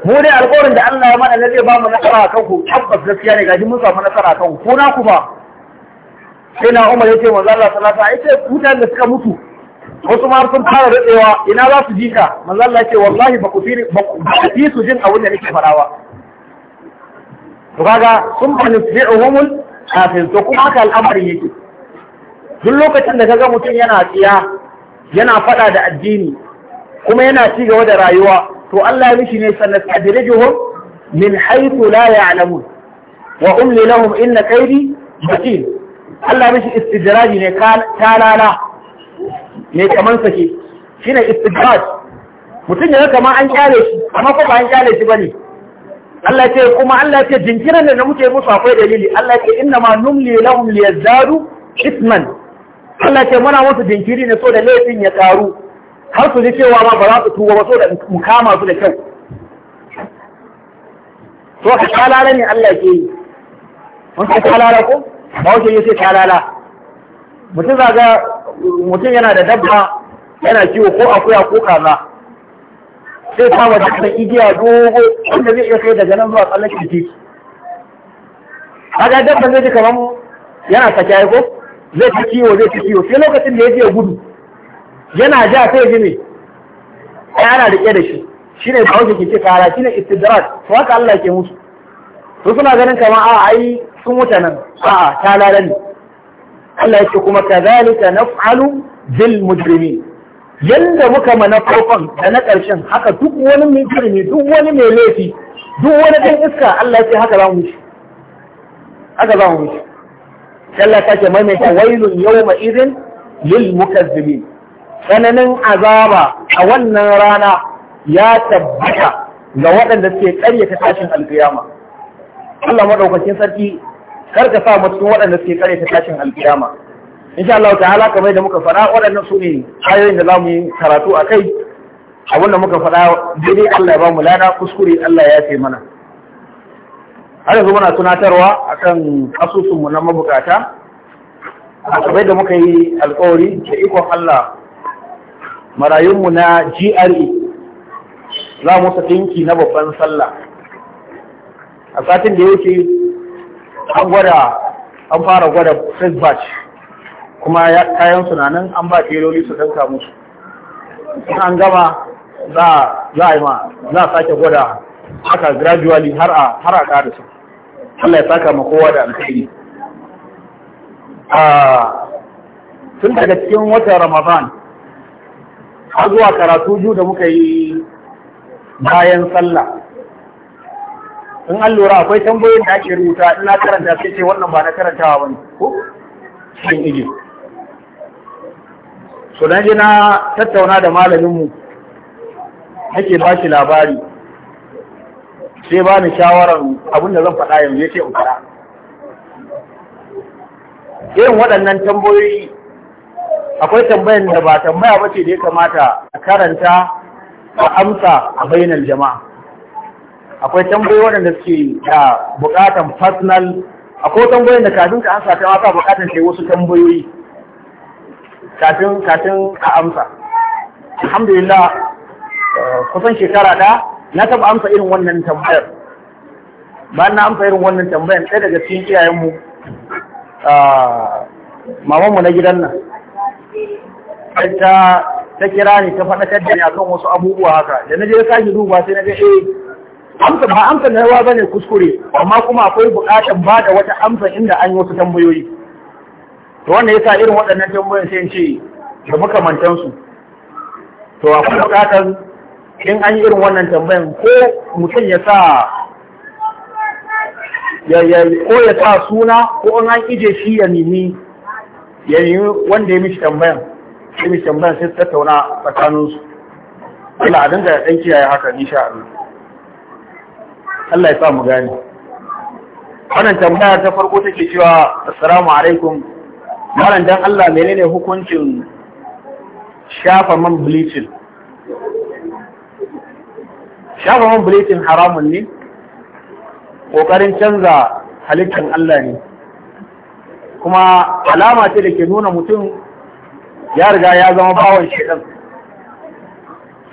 mu ne alkawarin da Allah ya mana na zai ba mu nasara a kanku tabbas gaskiya ne gashi mun samu nasara a kanku ko na ku ba sai na Umar ya ce manzo Allah sallallahu alaihi wasallam mutane da suka mutu wasu ma sun fara rutsewa ina za su ji ka manzo Allah ya ce wallahi ba ku fi su jin abin da nake farawa to kaga sun homun kafin to kuma haka al'amari yake duk lokacin da kaga mutum yana tsiya yana fada da addini kuma yana ci gaba da rayuwa to Allah ya mishi ne sannan sanastadrijuhum min haythu la ya'lamun wa umli lahum inna kaydi matin Allah ya mishi istidraji ne talala ne kaman sake shine istidraj mutum ya kama an kyale shi amma ko ba an kyale shi bane Allah ce kuma Allah ce jinkirin da muke musu akwai dalili Allah ce inna ma numli lahum liyazdadu isman Allah ce muna musu jinkiri ne so da laifin ya karu har su ji cewa ma ba za su tuba ba so da mu kama su da kyau to ka kalala ne Allah ke yi mun ka kalala ko ba wuce yi sai kalala mutum zaga mutum yana da dabba yana kiwo ko akuya ko kaza sai ta da kan igiya dogo wanda zai iya kai daga nan zuwa tsallan kirki kaga dabba zai ji kamar yana sake ko zai ta kiwo zai ta kiwo sai lokacin da ya je gudu yana ja sai ji me ai ana rike da shi shine da wuce ke ce kara shine istidrak to haka Allah ke musu su suna ganin kamar a ai sun wuta nan A'a ta lalani Allah ya ce kuma kazalika naf'alu bil mujrimin yanda muka mana farkon da na ƙarshen haka duk wani mai jirmi duk wani mai laifi duk wani ɗan iska Allah ya ce haka za mu shi haka za mu shi Allah ta ce maimaita wailun yawma idhin lil mukazzibin tsananin azaba a wannan rana ya tabbata ga waɗanda suke ƙaryata tashin alƙiyama Allah madaukakin sarki kar ka sa mu cikin waɗanda suke ƙaryata tashin alƙiyama insha Allah ta'ala kamar da muka faɗa waɗannan su ne ayoyin da zamu yi karatu a kai abin da muka faɗa daidai Allah ya ba mu lada kuskure Allah ya ce mana har yanzu muna tunatarwa akan asusunmu na mabukata a da muka yi alƙawari da ikon Allah marayunmu na GRE za mu ɗinki na babban sallah a satin da yake an gwada an fara gwada first batch kuma kayan sunanan an ba teloli su danka musu in an gama za a yi ma za a sake gwada haka gradually har a har a ƙara su Allah ya saka ma kowa da alkhairi ah, tun daga cikin watan Ramadan har zuwa karatu biyu da muka yi bayan sallah in an lura akwai tambayoyin da ake rubuta in na karanta sai ce wannan ba na karantawa ne, ko cikin igi. so dan ji na tattauna da malaminmu nake ba shi labari sai ba ni shawarar abin da zan faɗa yanzu ya ce in faɗa irin waɗannan tambayoyi akwai tambayan da ba tambaya ba ce da ya kamata a karanta a amsa a bainar jama'a akwai tambayi waɗanda suke da buƙatan personal akwai tambayoyin da kafin ka amsa ta mata buƙatar buƙatan kai wasu tambayoyi kafin kafin a amsa alhamdulillah kusan shekara ɗaya na taɓa amsa irin wannan tambayar bayan na amsa irin wannan tambayar ɗaya daga cikin iyayenmu ah, mamanmu na gidan nan ta ta kira ne ta faɗakar da ni akan wasu abubuwa haka da na je ka sake duba sai na ga eh amsa ba amsa na yawa bane kuskure amma kuma akwai buƙatar ba da wata amsa inda an yi wasu tambayoyi to wannan yasa irin waɗannan tambayoyin sai in ce da mantan su to akwai buƙatar in an yi irin wannan tambayan ko mutum ya sa ya ya ko ya sa suna ko in an ije shi ya nemi yayi wanda ya mishi tambaya ya mishi tambaya sai tattauna tsakanin su Allah a dinga dan kiyaye haka insha Allah Allah ya sa mu gane wannan tambaya ta farko take cewa assalamu alaikum malam dan Allah menene hukuncin shafa man bleaching shafa man bleaching haramun ne ƙoƙarin canza halittar Allah ne kuma alama ce da ke nuna mutum ya riga ya zama bawan shaidan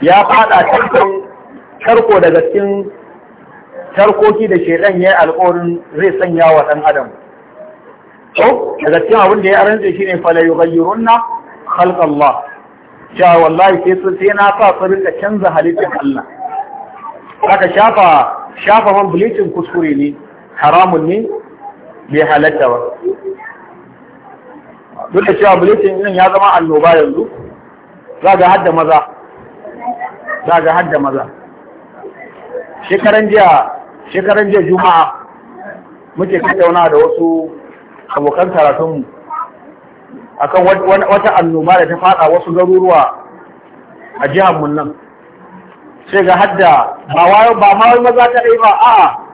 ya fada cikin tarko daga cikin tarkoki da shaidan ya yi alƙawarin zai sanya wa ɗan adam to daga cikin abin da ya arance shi ne fala yughayyirunna halkan Allah Sha wallahi sai su sai na sa su rika canza halittar Allah aka shafa shafa man bleaching kuskure ne haramun ne bai halatta ba duk da cewa bulletin din ya zama annoba yanzu za ga hadda maza za ga hadda maza shekaran jiya shekaran jiya juma'a muke tattauna da wasu abokan karatunmu akan wata annoba da ta fada wasu garuruwa a jihar mun nan sai ga hadda ba wayo ba ma maza kadai ba a'a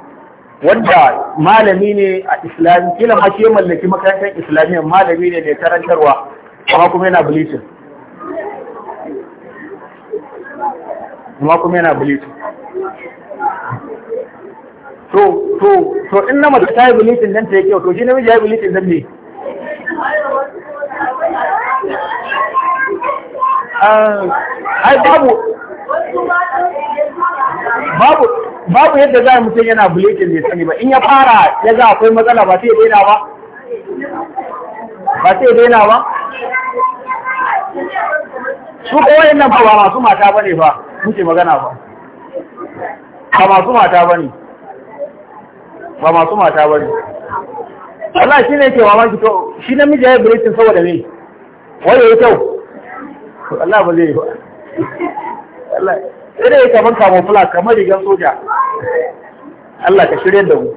wanda malami ne a islami kila ma shi mallaki makarantar islamiyya malami ne mai karantarwa amma kuma yana bulletin amma kuma yana bulletin to to to in na mace ta yi bulletin dan ta yi kyau to shi namiji ya yi bulletin dan ne ah, ai babu babu babu yadda za a mutum yana bulletin mai sani ba in ya fara ya za akwai matsala ba sai daina ba ba sai daina ba su ko wayannan ba masu mata bane ba muke magana ba ba masu mata bane ba masu mata bane Allah shi ne ke mamaki to shi namiji ya yi bulletin saboda me wani ya yi kyau Allah ba zai yi ba Allah sai dai kamar kamufla kamar rigar soja Allah ka shirya da mu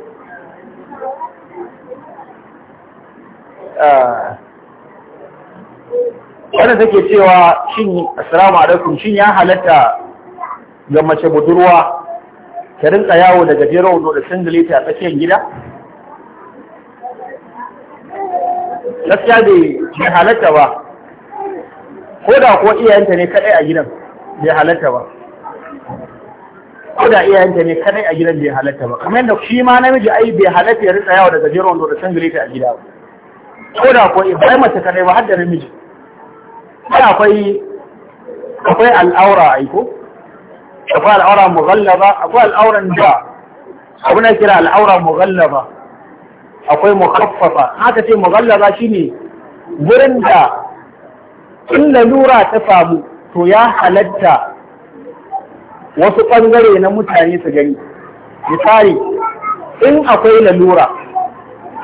ah. wanda take cewa shin assalamu alaikum shin ya halatta ga mace budurwa ta rinka yawo da gajeren wando da singileti a tsakiyar gida gaskiya bai halatta ba ko da kuwa iyayenta ne kaɗai a gidan bai halatta ba ko da iyayenta ne kadai a gidan bai halatta ba kamar yadda shi ma namiji ai bai halatta ya rinsa yawa daga gajeren wando da singileta a gida ba ko da ko bai mace kadai ba har da namiji ko akwai akwai al'aura aiko akwai al'aura mughallaba akwai al'auran da abu na kira al'aura mughallaba akwai mukhaffafa haka ce mughallaba shine gurin da in lalura ta samu to ya halatta wasu ɓangare na mutane su gani misali in akwai lalura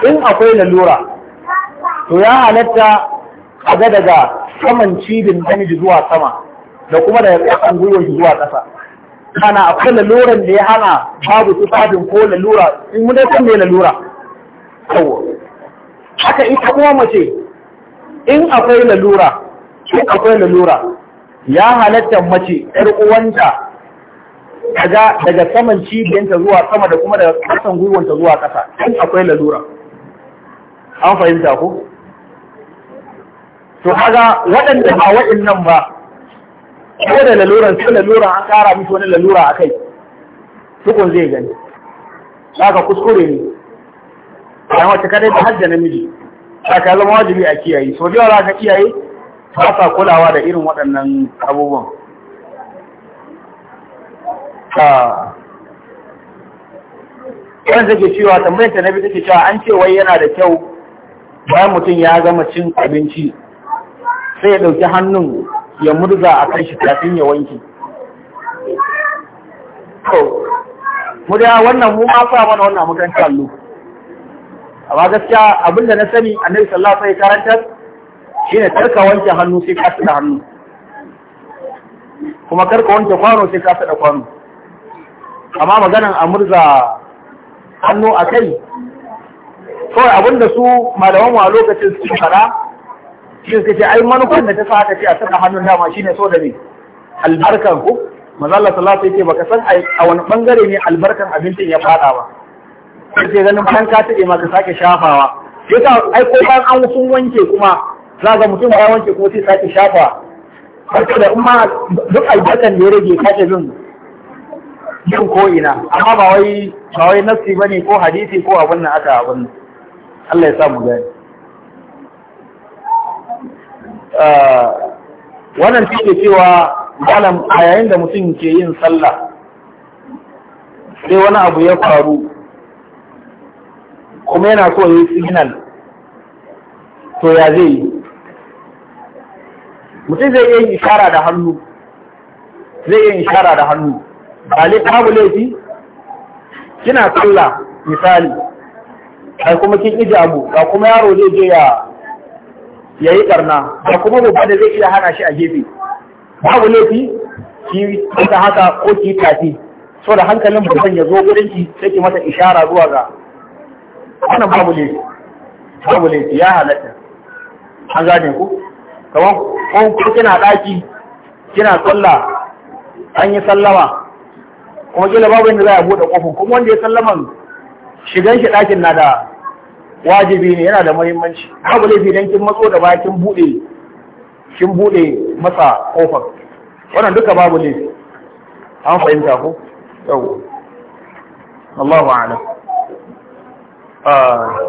in akwai lalura to ya halatta a ga daga saman cibin namiji zuwa sama da kuma daga ƙasan gwiwar zuwa ƙasa kana akwai laluran da ya hana babu tufafin ko lalura in mun dai san me lalura haka ita kuma mace in akwai lalura in akwai lalura ya halatta mace ‘yar uwanta daga saman cibiyanta zuwa sama da kuma daga kasan gwiwanta zuwa ƙasa in akwai lalura an fahimta ko to haga waɗanda ba waɗannan ba ko da laluran sai laluran an ƙara mishi wani lalura a kai tukun zai gani ka kuskure ne a wata kadai da hajja namiji ka zama wajibi a kiyaye so da za ka kiyaye fasa kulawa da irin waɗannan abubuwan wanda take cewa tambayin ta nabi take cewa an ce wai yana da kyau bayan mutum ya gama cin abinci sai ya ɗauki hannun ya murza a kan shi kafin ya wanke mu da wannan mu ma sa mana wannan mutan kallo amma gaskiya abinda na sani annabi sallallahu alaihi wasallam karantar shi ne karka wanke hannu sai ka da hannu kuma karka wanke kwano sai ka da kwano amma maganan a murza hannu a kai kawai abinda su malaman mu a lokacin su fara shi ne ce ai manufar da ta sa ta ce a saka hannun dama shi ne so da ne albarkan ku mazalla salatu yake baka san a wani bangare ne albarkan abincin ya fada ba sai ganin kan ka tade maka sake shafawa yasa ai ko an an sun wanke kuma za ga mutum ya wanke kuma sai sake shafa farko da umma duk albarkan da ya rage kashe bin yin ko'ina ina amma ba wai ba wai ba bane ko hadisi ko abin nan aka abin Allah ya sa mu gani ah, wannan take cewa malam a yayin da mutum ke yin sallah sai wani abu ya faru kuma yana so ya yi signal to ya zai yi mutum zai iya ishara da hannu zai iya ishara da hannu bale babu laifi kina sallah misali ai kuma kin ije abu ga kuma yaro zai je ya yi karna ga kuma babba da zai iya hana shi a gefe babu laifi ki ta haka ko ki tafi so da hankalin babban ya zo gurin ki sai ki mata ishara zuwa ga wannan babu laifi babu laifi ya halatta an gane ku kamar ko kina daki kina tsalla. an yi sallama kuma kila babu yadda za a bude kofin kuma wanda ya sallaman shigan shi dakin na da wajibi ne yana da muhimmanci babu laifi don kin matso da baya kin bude kin bude masa kofar wannan duka babu laifi an fahimta ko yau Allahu a'lam ah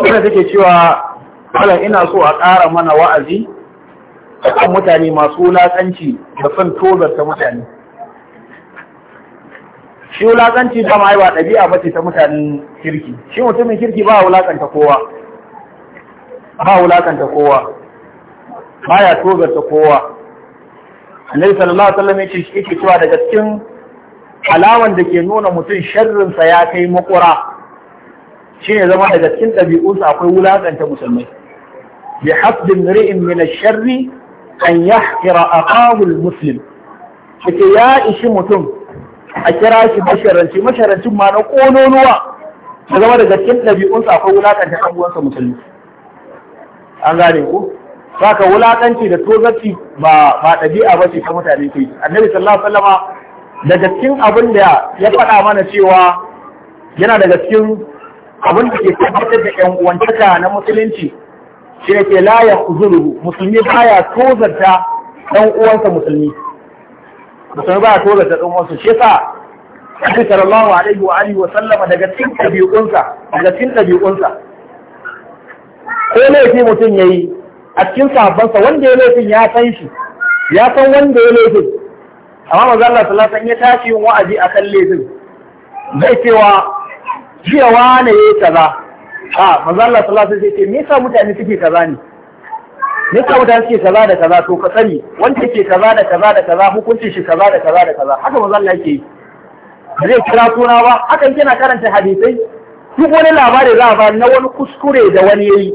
kuma take cewa malam ina so a ƙara mana wa'azi a kan mutane masu wulaƙanci da son tozarta mutane shi wulaƙanci ba ma ba ɗabi'a mace ta mutanen kirki shi mutumin kirki ba wulaƙanta kowa ba wulaƙanta kowa baya tozarta kowa annabi sallallahu alaihi wasallam yake cewa daga cikin alawan da ke nuna mutum sharrinsa ya kai makura ne zama daga cikin ɗabi'unsa akwai wulaƙanta musulmai بحفظ امرئ من الشر أن يحقر أخاه المسلم take ya ishi mutum a kira shi masharanci masharancin ma na ƙononuwa ta zama daga cikin ɗabi'unsa akwai wulaƙanta ɗan uwansa musulmi an gane ku saka wulaƙanci da tozarci ba ba ɗabi'a ba ce ta mutane annabi sallallahu alaihi wasallama daga cikin abin da ya faɗa mana cewa yana daga cikin abin da ke tabbatar da ƴan uwantaka na musulunci shi yake la ya kuzuruhu musulmi baya tozarta dan uwansa musulmi musulmi baya tozarta dan uwansa shi yasa Annabi sallallahu alaihi wa alihi wa sallama daga cikin tabi'unsa daga cikin tabi'unsa ko laifi mutum yayi a cikin sahabbansa wanda ya laifin ya san shi ya san wanda ya laifin amma manzo Allah sallallahu alaihi ya tashi yin wa'azi akan laifin zai cewa jiya wane yayi kaza a mazalla Allah sallallahu alaihi wasallam ce me yasa mutane suke kaza ne me yasa mutane suke kaza da kaza to ka sani wanda yake kaza da kaza da kaza hukuncin shi kaza da kaza da kaza haka mazalla yake yi ba zai kira suna ba hakan kina karanta hadisai duk wani labari za a ba na wani kuskure da wani yayi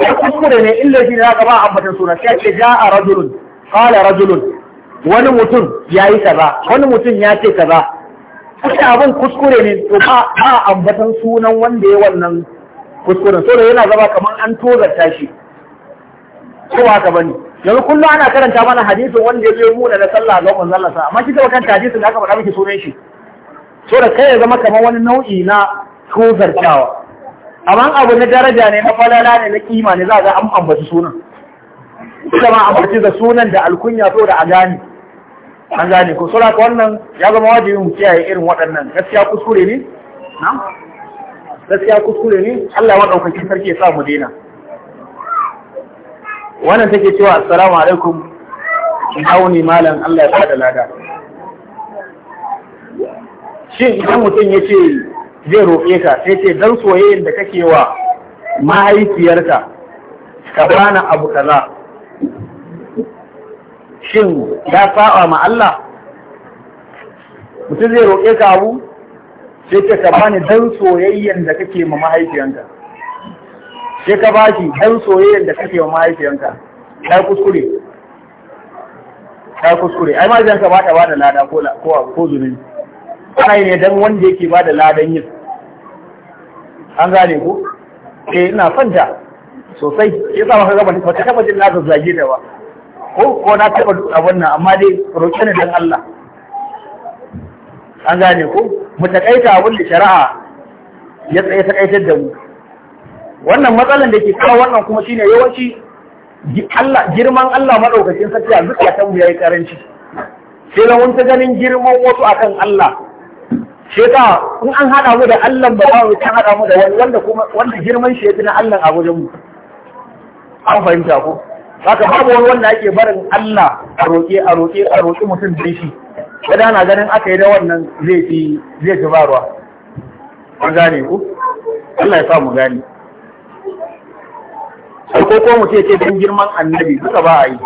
duk kuskure ne illa shi ne zaka ba ambatan suna sai ce ja a rajulun qala rajulun wani mutum yayi kaza wani mutum ya ce kaza Kusa abin kuskure ne to ba a ambatan sunan wanda ya wannan kuskuren so da yana zama kamar an tozarta shi ko haka bane yanzu kullum ana karanta mana hadisin wanda ya zo muna na sallah ga manzon Allah amma shi da kan hadisin da aka faɗa miki sunan shi so da kai ya zama kamar wani nau'i na tozartawa amma abu na daraja ne na falala ne na kima ne za ga an ambaci sunan ita ma ambaci da sunan da alkunya so da a gane an gane ko saboda wannan ya zama wajibi mu kiyaye irin waɗannan gaskiya kuskure ne na'am gaskiya kuskure ne Allah ɗaukaki sarki ya sa mu daina wannan take cewa assalamu alaikum in auni malam Allah ya bada lada shin idan mutum ya ce zai roƙe ka sai ce dan soyayyen da kake wa mahaifiyarka ka bana abu kaza shin ya saba ma Allah mutum zai roƙe ka abu sai ce ka bani dan soyayyen da kake ma mahaifiyanka sai ka bashi dan soyayyen da kake ma mahaifiyanka ta kuskure ta kuskure ai mahaifiyanka ba bata bada lada ko ko ko zunubi ana ne dan wanda yake bada ladan yin an gane ko eh ina fanta sosai sai sa maka gaba ba ta taba jin na zage da ba ko ko na taba abun nan amma dai roƙe ne dan Allah an gane ko mu abin da shari'a ya tsaye takaitar da mu wannan matsalan da ke kawo wannan kuma shine yawanci girman Allah maɗaukacin sarki a zukatan mu yayi karanci sai da wani ta ganin girman wasu akan Allah sai ta in an haɗa mu da Allah ba mu ta haɗa mu da wani wanda kuma wanda girman shi yafi na Allah a wajen mu an fahimta ko saka babu wani wanda ake barin Allah a roƙe a roƙe a roƙe mutum da shi kada na ganin aka yi da wannan zai fi zai fi barwa an gane ku Allah ya sa mu gane sai ko ko mu ce ce don girman annabi duka ba a yi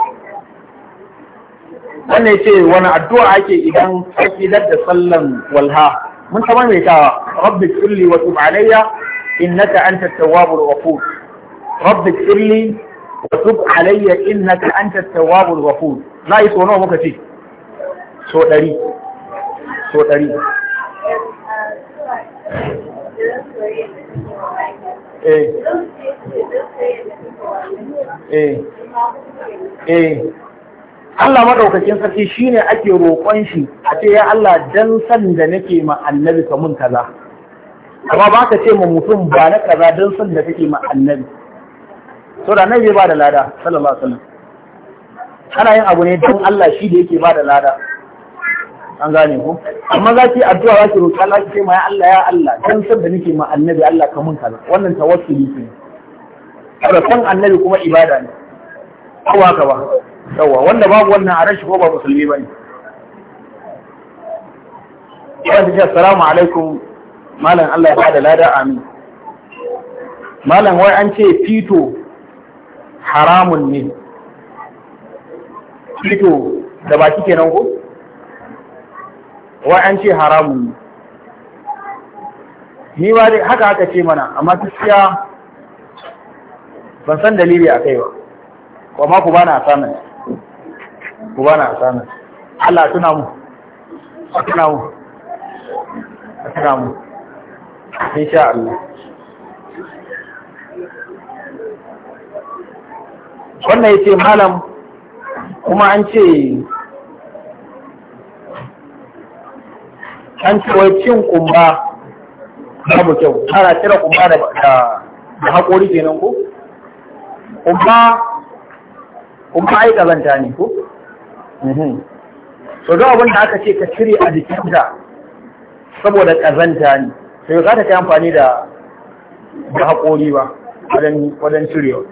wannan ya ce wani addu'a ake idan akidar da sallan walha mun taɓa ta maimaitawa rabbi kulli wa tub alayya innaka anta tawwabur ghafur rabbi kulli wa tub alayya innaka anta tawwabur ghafur na yi nawa muka ce so ɗari so ɗari eh eh eh Allah maɗaukakin sarki shine ake roƙon shi a ce ya Allah dan san da nake ma annabi ka mun kaza amma ba ka ce ma mutum ba na kaza dan san da kake ma annabi so da annabi ba da lada sallallahu alaihi wasallam ana yin abu ne don Allah shi da yake ba da lada an gane ku amma za ki addu'a za ki roƙi Allah ki ce ma ya Allah ya Allah dan san da nake ma annabi Allah ka mun kaza wannan tawassuli ne kada san annabi kuma ibada ne Kowa ka ba yawa wanda babu wannan a rashi ko ba musulmi bane ya ce assalamu alaikum malam Allah ya bada lada amin malam wai an ce fito haramun ne fito da baki kenan ko wai an ce haramun ne ni ba dai haka haka ce mana amma tafiya ban san dalili a kai ba kuma ku bana samun ku bana samun Allah tuna mu tuna mu tuna mu insha Allah wannan yace malam kuma an ce an wai cin kumba babu kyau ana cire kumba da haƙori ke kenan ko kumba kumba ai kazanta ne ko so mhm. don abin da aka ce ka cire a jikinta saboda kazanta ne sai za ta kai amfani da da haƙori ba wajen cirewa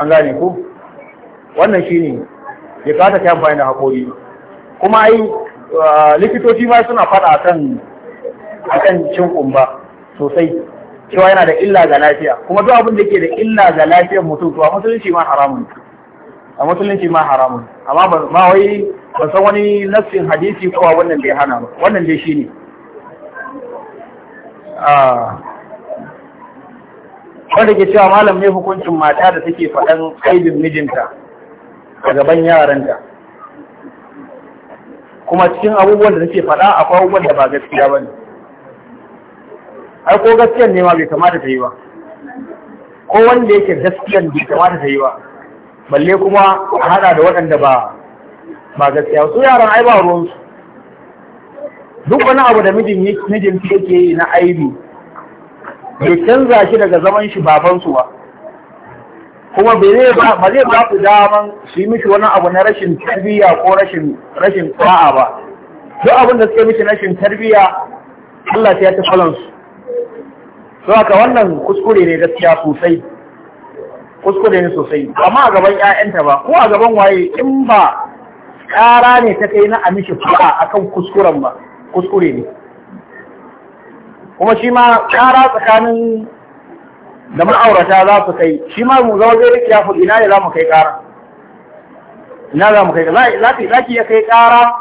an gane ko wannan shine ya ka ta kai amfani da haƙori kuma ai Ah, likitoci ma suna faɗa akan akan cin kumba sosai cewa yana da illa ga lafiya kuma duk abin da ke da illa ga lafiyar mutum to a musulunci ma haramun a musulunci ma haramun amma ba ma wai ba san wani nassin hadisi ko wannan da ya hana ba wannan dai shine ah. wanda ke cewa malam ne hukuncin mata da take faɗan aibin mijinta a gaban yaranta kuma cikin abubuwan da nake faɗa akwai abubuwan da ba gaskiya ba ne ai ko gaskiyan ne ma bai kamata ta yi ba ko wanda yake gaskiyan bai kamata ta yi ba balle kuma a hada da waɗanda ba ba gaskiya su yaran ai ba ruwansu duk wani abu da mijin mijin yake yi na aibi bai canza shi daga zaman shi babansu ba kuma ba zai ba ku daman su yi mishi wani abu na rashin tarbiyya ko rashin rashin ba duk abin da suke mishi rashin tarbiyya Allah ya ta falon su so haka wannan kuskure ne gaskiya sosai kuskure ne sosai amma a gaban 'ya'yanta ba ko a gaban waye in ba ƙara ne ta kai na amishi fa'a akan kuskuren ba kuskure ne kuma shi ma ƙara tsakanin da ma'aurata za su kai shi ma mu zama zai ya fi ina ne za mu kai ƙara ina za mu kai ƙara za ki ya kai ƙara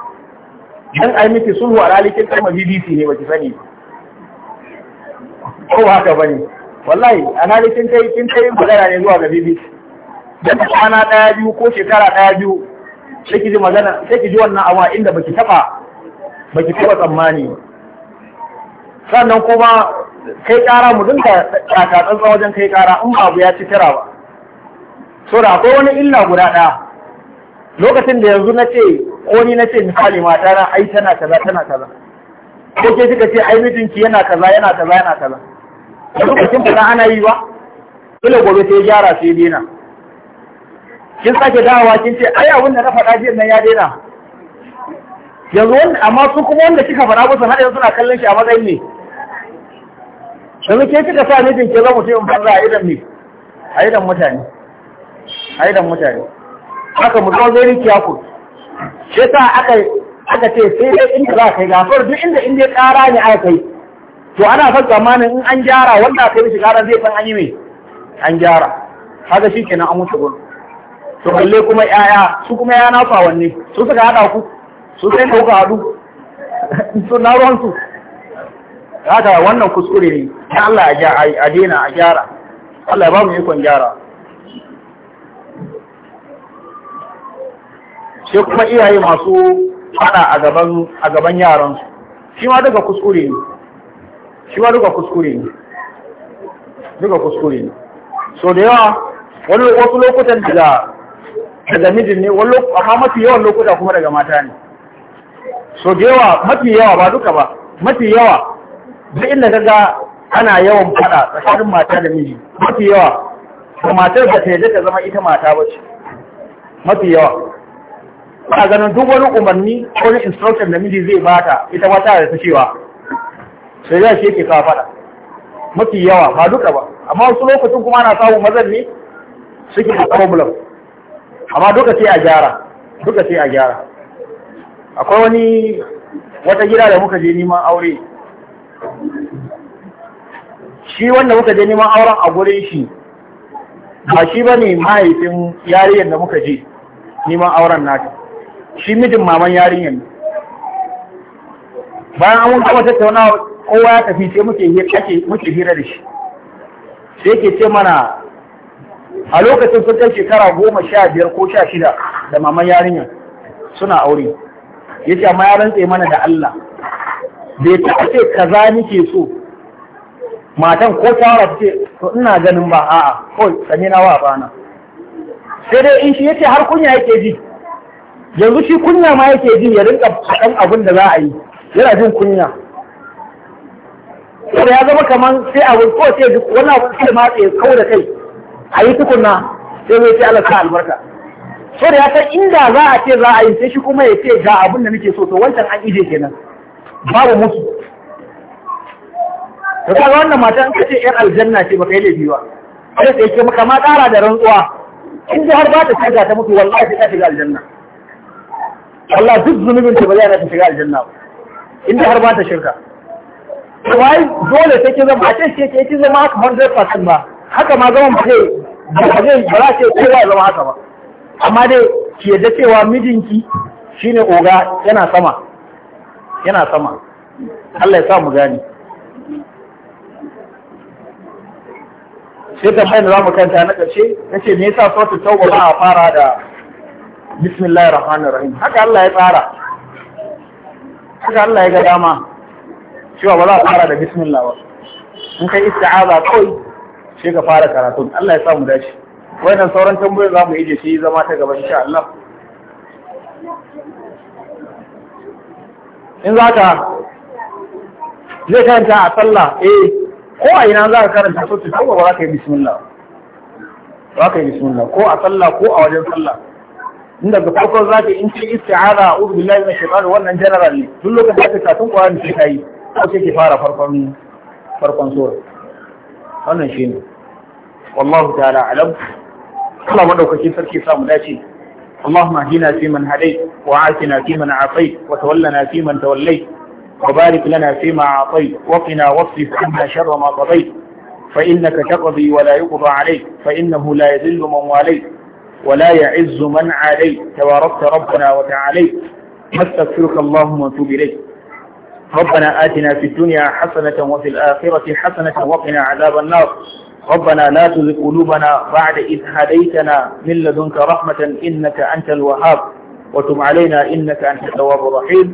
dan ai miki sulhu a ralikin kai BBC ne ba ki sani ko haka bane wallahi a ralikin kai kin kai magana ne zuwa ga BBC dan kwana daya biyu ko shekara daya biyu sai ki ji magana sai ki ji wannan awa inda baki taba baki taba tsammani sannan kuma kai kara mu dinka tsakatsantsa wajen kai kara in babu ya ci tara ba so da akwai wani illa guda ɗaya lokacin da yanzu na ce ko ni na ce misali mata na ai tana kaza tana kaza ko ke kika ce ai mijinki yana kaza yana kaza yana kaza a lokacin fara ana yi ba kila gobe sai gyara sai dena kin sake dawowa kin ce ai abin da na faɗa jiya nan ya dena yanzu amma su kuma wanda kika faɗa ba su har yanzu suna kallon shi a matsayin ne yanzu ke kika sa nufin ke zama mutum banza a idan ne a idan mutane a idan mutane haka mu zo zai rikiya ku shi sa aka aka ce sai dai inda za kai gafar duk inda inda ya kara ne aka kai to ana son zamanin in an gyara wanda aka yi mishi kara zai san an yi mai an gyara haka shi kenan an mutu gudu to kalle kuma yaya su kuma yana fawanne su suka haɗa ku su sai kuka haɗu su <laughs> na ruwan su haka wannan kuskure ne Ya Allah a daina a gyara Allah ya ba mu ikon gyara shi kuma iyaye masu fada a gaban a gaban yaran su shi ma duka kuskure ne shi ma duka kuskure ne duka kuskure ne so da yawa wani wasu lokutan daga daga mijin ne wani amma mafi yawan lokuta kuma daga mata ne so da yawa mafi yawa ba duka ba mafi yawa duk inda kaga ana yawan fada tsakanin mata da miji mafi yawa da matar da ta yi ta zama ita mata ba ce mafi yawa ba ganin duk wani umarni ko ni instruction da miji zai bata ita ma ta ta cewa sai ya shi yake kawo fada mafi yawa ba duka ba amma wasu lokacin kuma ana samun mazan ne suke da problem amma duka sai a gyara duka sai a gyara akwai wani wata gida da muka je neman aure shi wanda muka je neman auren a gurin shi ba shi ba ne mahaifin yarinyar da muka je neman auren nata shi mijin maman yarinyar bayan an mun gama tattauna kowa ya tafi sai muke hira da shi sai ke ce mana a lokacin sun kai shekara goma sha biyar ko sha shida da maman yarinyar suna aure ya ce amma ya rantse mana da Allah bai ta ce kaza nike so matan ko shawara ce to ina ganin ba a'a kawai sani na wa bana sai dai in shi yace har kunya yake ji yanzu shi kunya ma yake ji ya rinka faɗan abin da za a yi yana jin kunya saboda ya zama kamar sai abin ko sai ji wannan abin sai ma tsaye kawai da kai a yi tukunna sai mai ce Allah sa albarka da ya san inda za a ce za a yi sai shi kuma ya ce ga abin da nake so to wancan an ije kenan babu musu da kaga wannan mata in kace yar aljanna ce ba kai laifi ba sai sai ke maka ma ƙara da rantsuwa in ji har ba ta shiga ta mutu wallahi sai ta shiga aljanna Allah duk zunubin ta ba zai ta shiga aljanna ba in ji har ba ta shirka wai dole sai ke zama a ce ke ke zama haka fasin ba haka ma zaman ba zai ba zai ba za ce ba ya zama haka ba amma dai ki yadda cewa mijinki shine oga yana sama yana sama Allah ya sa mu gani sai tambayar da za mu kanta na ƙarshe na ce me yasa sautu tauba ba a fara da bismillahir rahmanir rahim haka Allah ya tsara haka Allah ya ga dama cewa ba za a fara da bismillah ba in kai isti'aza kawai sai ka fara karatun Allah ya sa mu dace wannan sauran tambayoyin za mu ije shi zama ta gaba insha Allah in za ka zai kanta a sallah eh ko a ina za ka karanta sosai ko ba za ka yi bismillah ba ka yi bismillah ko a sallah ko a wajen sallah inda ga farko za ka in ce a a'udhu billahi na shaitani wannan general ne duk lokacin da ka tun Qur'ani sai kai ko sai ki fara farkon farkon sura wannan shine wallahu ta'ala alam Allah madaukaki sarki sa mu dace اللهم اهدنا فيمن هديت وعافنا فيمن عافيت وتولنا فيمن توليت وبارك لنا فيما أعطيت وقنا واصرف عنا شر ما قضيت فإنك تقضي ولا يقضى عليك فإنه لا يذل من واليت ولا يعز من عليك تباركت ربنا وتعاليت نستغفرك اللهم ونتوب إليك ربنا آتنا في الدنيا حسنة وفي الآخرة حسنة وقنا عذاب النار ربنا لا تزغ قلوبنا بعد إذ هديتنا من لدنك رحمة إنك أنت الوهاب وتب علينا إنك أنت التواب الرحيم